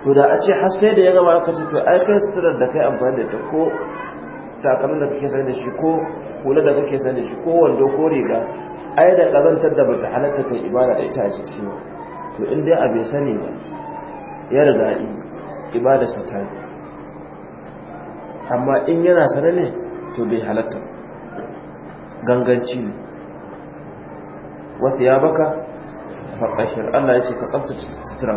to da a ce haske da ya gama aka ce to ai kai suturar da kai amfani da ta ko takalmin da kake sani da shi ko hula da kake sani da shi ko wando ko riga ai da kazantar da baka halatta kai ibada da ita a ciki ba to in dai a bai sani ba ya riga yi ibada sa ta amma in yana sane ne to bai halatta ganganci ne wata ya baka faƙashir Allah ya ce ka tsabtace sutura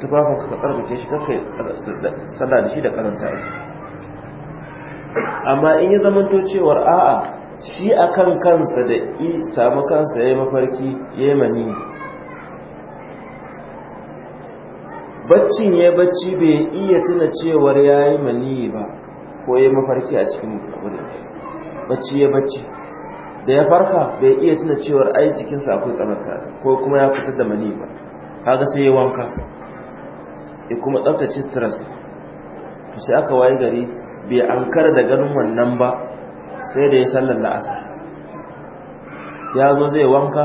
tufafin ka tsarkace shi kakai sallah da shi da karanta aiki amma in ya zamanto cewar a'a shi kan kansa da i samu kansa ya yi mafarki ya yi mani baccin ya bacci bai iya tuna cewar ya yi mani ba ko ya yi mafarki a cikin abin bacci ya bacci da ya farka bai iya tuna cewar ai cikinsa akwai tsamata ko kuma ya fitar da mani ba kaga sai ya wanka ya kuma tsaftace stress to sai aka waye gari bai ankara da ganin wannan ba sai da ya sallar la'asar ya zo zai wanka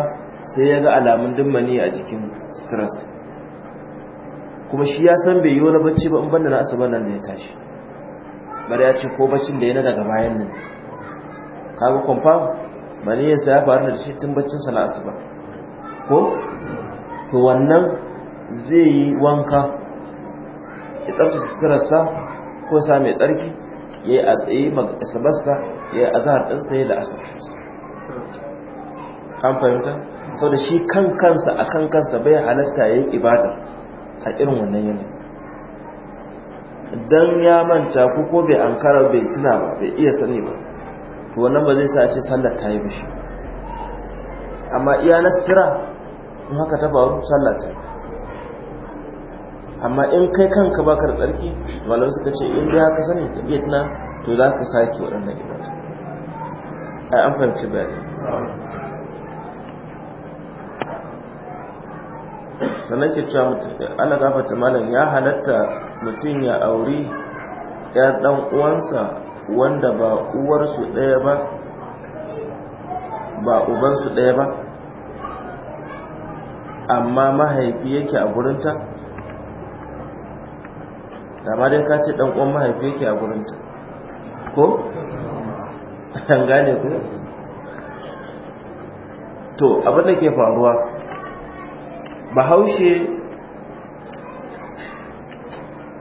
sai ya ga alamun dimmani a jikin stress kuma shi ya san bai yi wani bacci ba in banda na asa banan da ya tashi bari ya ce ko baccin da yana daga bayan nan kaga kwamfa maniyarsa ya faru da shi tun sa na asuba ko to wannan zai yi wanka ya tsarki suturarsa ko sa mai tsarki yayi a tsaye asabarsa zahar azhar din sa da la'asar an fahimta da shi kan kansa a kan kansa bai halatta yayi ibada a irin wannan yana dan ya manta ko ko bai ankara bai tuna ba bai iya sani ba to wannan ba zai sa a ce sallar ta yi bishi amma iya na sitira in haka ta faru sallar ta amma in kai kanka baka da tsarki malam suka ce in dai haka sani biya tana to za ka sake waɗannan ibadu ai an fahimci bayani sannan ke cewa ana gafata malam ya halatta mutum ya auri ya dan uwansa wanda ba uwarsu ɗaya ba ba ubansu ɗaya ba amma mahaifi yake a gurinta da ma dai ka ce dan uwan mahaifi yake a gurinta ko an gane ku to abin da ke faruwa bahaushe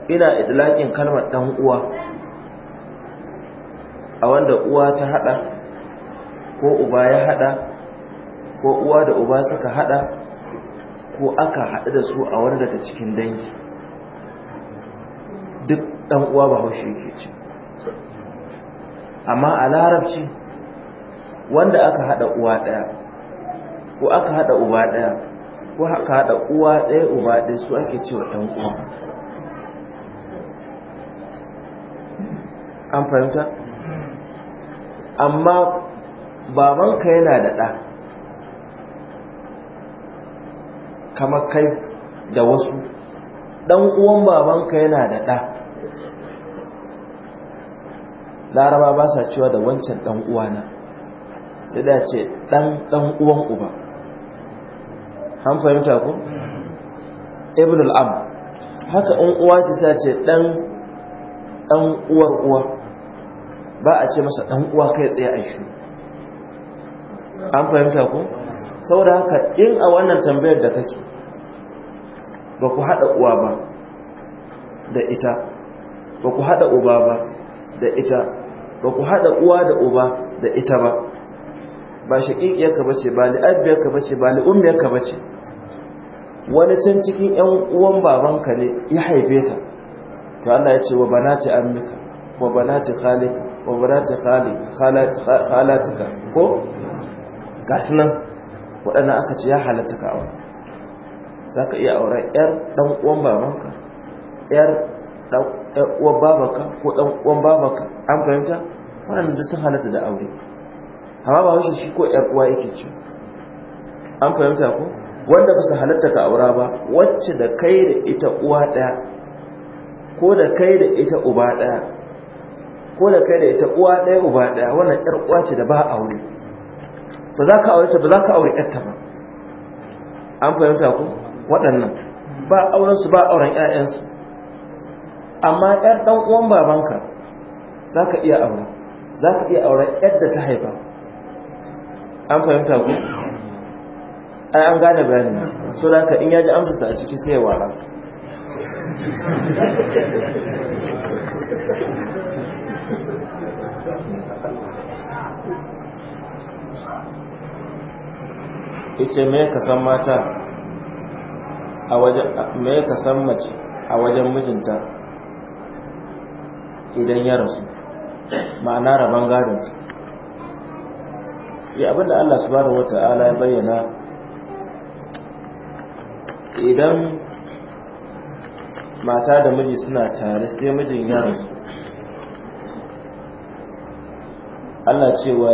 ina idlaƙin kalmar dan uwa a wanda uwa ta hada ko uba ya hada ko uwa da uba suka hada ko aka hadu da su a wani daga cikin dangi dan uwa ba haushi yake ci amma a larabci wanda aka hada uwa daya ko aka hada uba daya ko aka hada uwa daya uba daya su ake cewa dan uwa an fahimta amma babanka yana da ɗa kamar kai da wasu ɗan uwan babanka yana da ɗa laraba ba sa cewa da wancan dan uwana sai da ce dan dan uwan uba an fahimta ku? ibn al-am haka in uwa shi sai ce dan dan uwar uwa ba a ce masa dan uwa kai tsaye a shi an fahimta ku? saboda haka in a wannan tambayar da kake ba ku haɗa uwa ba da ita ba ku hada uba ba da ita ba ku haɗa uwa da uba da ita ba ba shaƙiƙiyarka ba ce ba li'abiyarka ba ce ba li'ummiyarka ba ce wani can cikin 'yan uwan babanka ne ya haife ta to Allah ya ce wa banati ammika wa banati khalika wa banati khalatika ko gasu nan waɗannan aka ce ya halatta ka aure za ka iya aure 'yar ɗan uwan babanka 'yar uwan babanka ko ɗan uwan babanka an fahimta wannan duk sun halatta da aure amma ba wasu shi ko yar uwa yake ci an fahimta ko wanda ba su halatta ka aura ba wacce da kai da ita uwa ɗaya ko da kai da ita uba ɗaya ko da kai da ita uwa ɗaya uba ɗaya wannan yar uwa ce da ba aure ba za ka aure ta ba za ka aure yarta ba an fahimta ko waɗannan ba auren su ba auren ƴaƴansu amma ƴar ɗan uwan babanka za ka iya aure za ka iya auren yadda ta haifa an fahimta ku ai an gane bayani so da ka in yaji ta a ciki sai ya wara ita me ka san mata a wajen me ka san mace a wajen mijinta idan ya rasu ma'ana rabon gadon ya abinda Allah subhanahu wata'ala ya bayyana idan mata da miji suna tare sai mijin ya rasu Allah cewa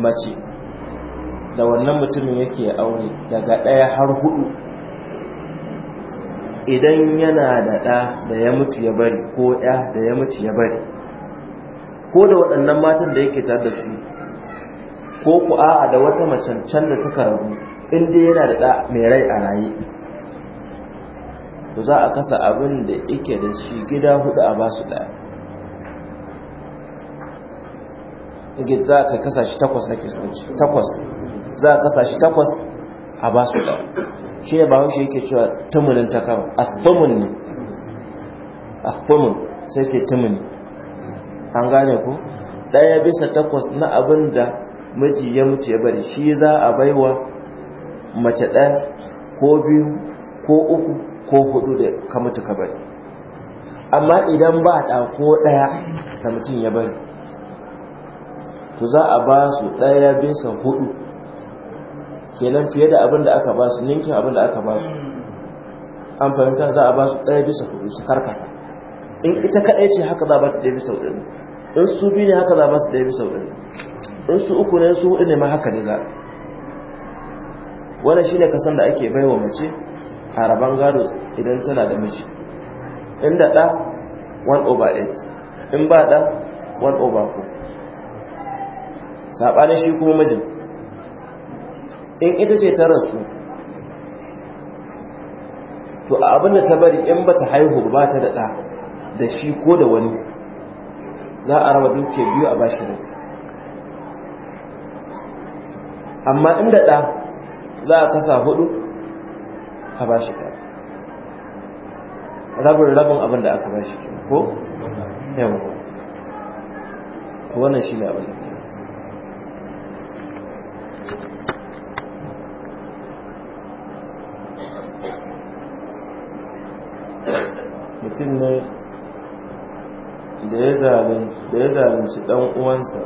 mace da wannan mutumin yake aure daga ɗaya har hudu idan yana da ɗa da ya mutu ya bari ko ɗa da ya mutu ya bari ko da waɗannan matan da yake tare da su ko ku a'a da wata macen can da suka rabu in dai yana da mai rai a raye to za a kasa abin da yake da shi gida hudu a basu ɗaya yake za ka kasa shi takwas na kisonci takwas za a kasa shi takwas a basu ɗaya shi ne ba haushe yake cewa tumunin ta kama a tumunin a tumunin sai ce tumuni an gane ku? ɗaya bisa takwas na abin da miji ya mutu ya bari shi za a baiwa mace ɗaya ko biyu ko uku ko hudu da ka mutu ka bari amma idan ba ɗa ko ɗaya da mutum ya bari to za a ba su ɗaya bisa hudu kenan fiye da abin da aka ba su ninkin abin da aka ba su an fahimta za a ba su ɗaya bisa hudu su karkasa in ita kaɗai ce haka za a ba ta ɗaya bisa hudu in su biyu ne haka za ba su ɗaya bisa ɗaya in su uku ne su hudu ne ma haka ne za shi shine kasan da ake baiwa mace a rabon gado idan tana da miji in da ɗa 1 over 8 in ba ɗa 1 over 4 saɓanin shi kuma mijin in ita ce ta rasu to a abin da ta bari in ba ta haihu ba ta da ɗa da shi ko da wani za a raba dukiya biyu a bashi ne amma inda ɗa za a kasa hudu a bashi ta rabin rabin abin da aka bashi ke ko? yawon wannan shi ne abin da ke mutum ne da ya zalunci ɗan uwansa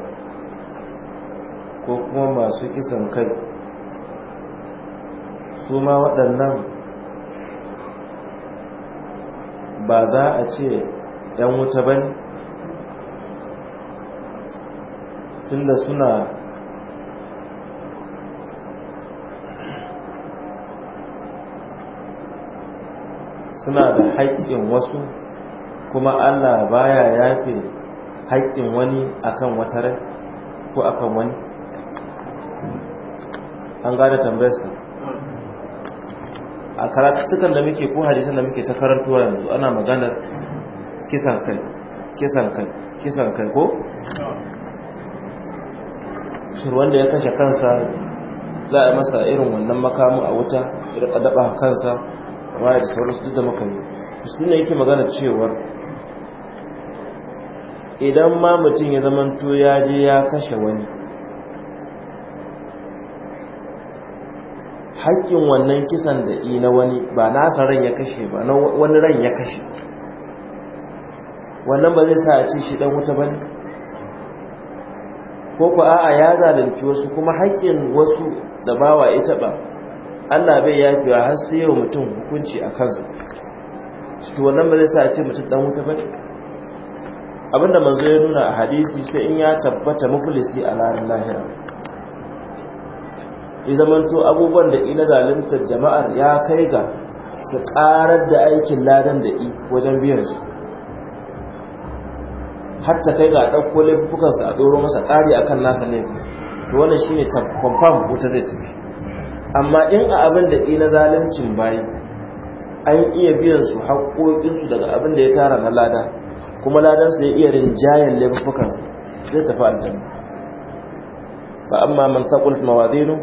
ko kuma masu kisan kai su ma waɗannan ba za a ce ‘yan wuta ba ne tunda suna suna da haƙƙin wasu kuma Allah baya yafe haƙƙin wani akan wata rai ko akan wani an gane tambayarsa a karatukan da muke ko hadisan da muke ta karantuwa yanzu ana maganar kisan kai kisan kai kisan kai ko shi wanda ya kashe kansa za a masa irin wannan makamu a wuta ya daɗa kansa amma da sauransu duk da makamu su ne yake magana cewar idan ma mutum ya zamanto ya je ya kashe wani haƙƙin wannan kisan da yi na wani ba nasa ran ya kashe ba na wani ran ya kashe wannan ba zai sa a ce shi dan wuta ba ne? ko ku a'a ya zalunci wasu kuma haƙƙin wasu da bawa ita ba Allah bai yafewa har sai yau mutum hukunci a kansa to wannan ba zai sa a ce mutum dan wuta ba ne? abinda manzo ya nuna a hadisi sai in ya tabbata muflisi a ranar lahira ya zamanto abubuwan da ina zaluntar jama'ar ya kai ga su karar da aikin ladan da i wajen biyan su har ta kai ga ɗauko laifukansu a ɗoro masa ƙari a kan nasa laifin to wannan shine kwamfam wuta zai tafi amma in a abin da ina zaluncin bayi an iya biyan su haƙoƙinsu daga abin da ya tara na lada kuma ladansa ya iya rinjayen laifukansa zai tafi aljanna fa amma man taqulat mawazinu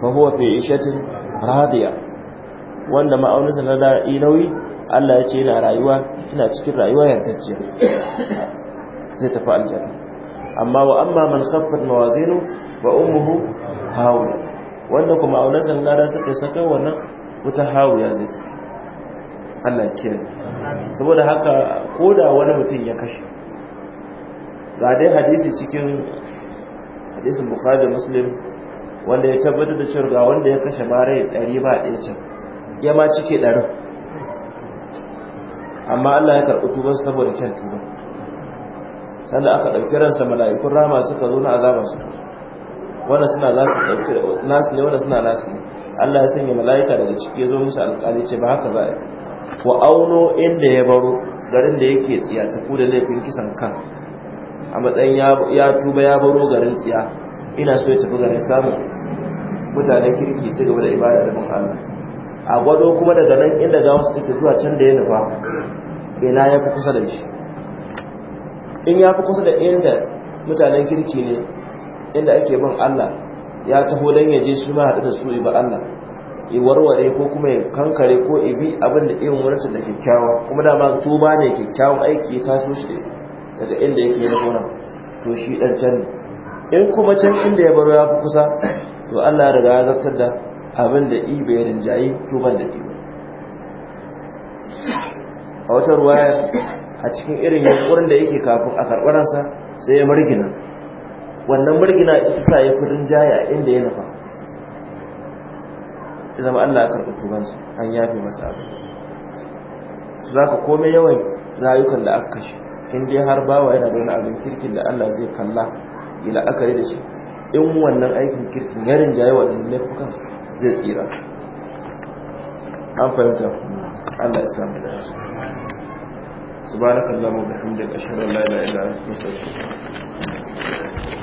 fa huwa fi ishatin radiya wanda ma'auninsa na da'i nauyi Allah ya ce yana rayuwa ina cikin rayuwa yardajjiya zai tafi aljanna amma wa amma man khaffat mawazinu wa ummuhu hawiya wanda kuma ma'aunansa na da'a suka saka wannan wuta hawiya zai tafi Allah kiyaye saboda haka ko da wani mutum ya kashe ga dai hadisi cikin hadisin bukhari da muslim wanda ya tabbatar da cewa ga wanda ya kashe mara ya ɗari ba ɗaya can ya ma cike ɗarin amma Allah ya karɓi tuban saboda kyan tuba sannan aka ɗauki ransa mala'ikun rama suka zo na azaba su. wanda suna nasu ne wanda suna nasu ne Allah ya sanya mala'ika daga ciki zo musu alƙali ce ba haka za a yi wa auno inda ya baro garin da yake tsiya ta kuda laifin kisan kan a matsayin ya tuba ya baro garin tsiya ina so ya tafi garin samun mutanen kirki ci gaba da ibada da Allah a gwado kuma daga nan inda ga wasu take zuwa can da ya nufa ina ya fi kusa da shi in ya fi kusa da inda mutanen kirki ne inda ake bin Allah ya taho don ya je shi ma haɗu da su ba Allah ya warware ko kuma ya kankare ko ibi abin da irin wurinsa da kyakkyawa kuma dama tuba ne kyakkyawan aiki ta so shi daga inda yake na gona to shi dan can ne in kuma can inda ya baro ya fi kusa to Allah ya riga ya zartar da abin da ibe ya rinjayi tuban da ibe a wata ruwaya a cikin irin yankurin da yake kafin a karɓaransa sai ya margina wannan margina isa ya fi rinjaya inda ya nufa ya zama Allah ya karɓi tubansu an yafe masa abu za ka kome yawan rayukan da aka kashe in dai har bawa yana da wani abin kirkin da Allah zai kalla yi la'akari da shi in wannan aikin kirkin ya rinjaye waɗannan laifukan zai tsira an fahimta Allah ya samu da su yasu subhanakallahumma bihamdika ashhadu an la ilaha illa anta astaghfiruka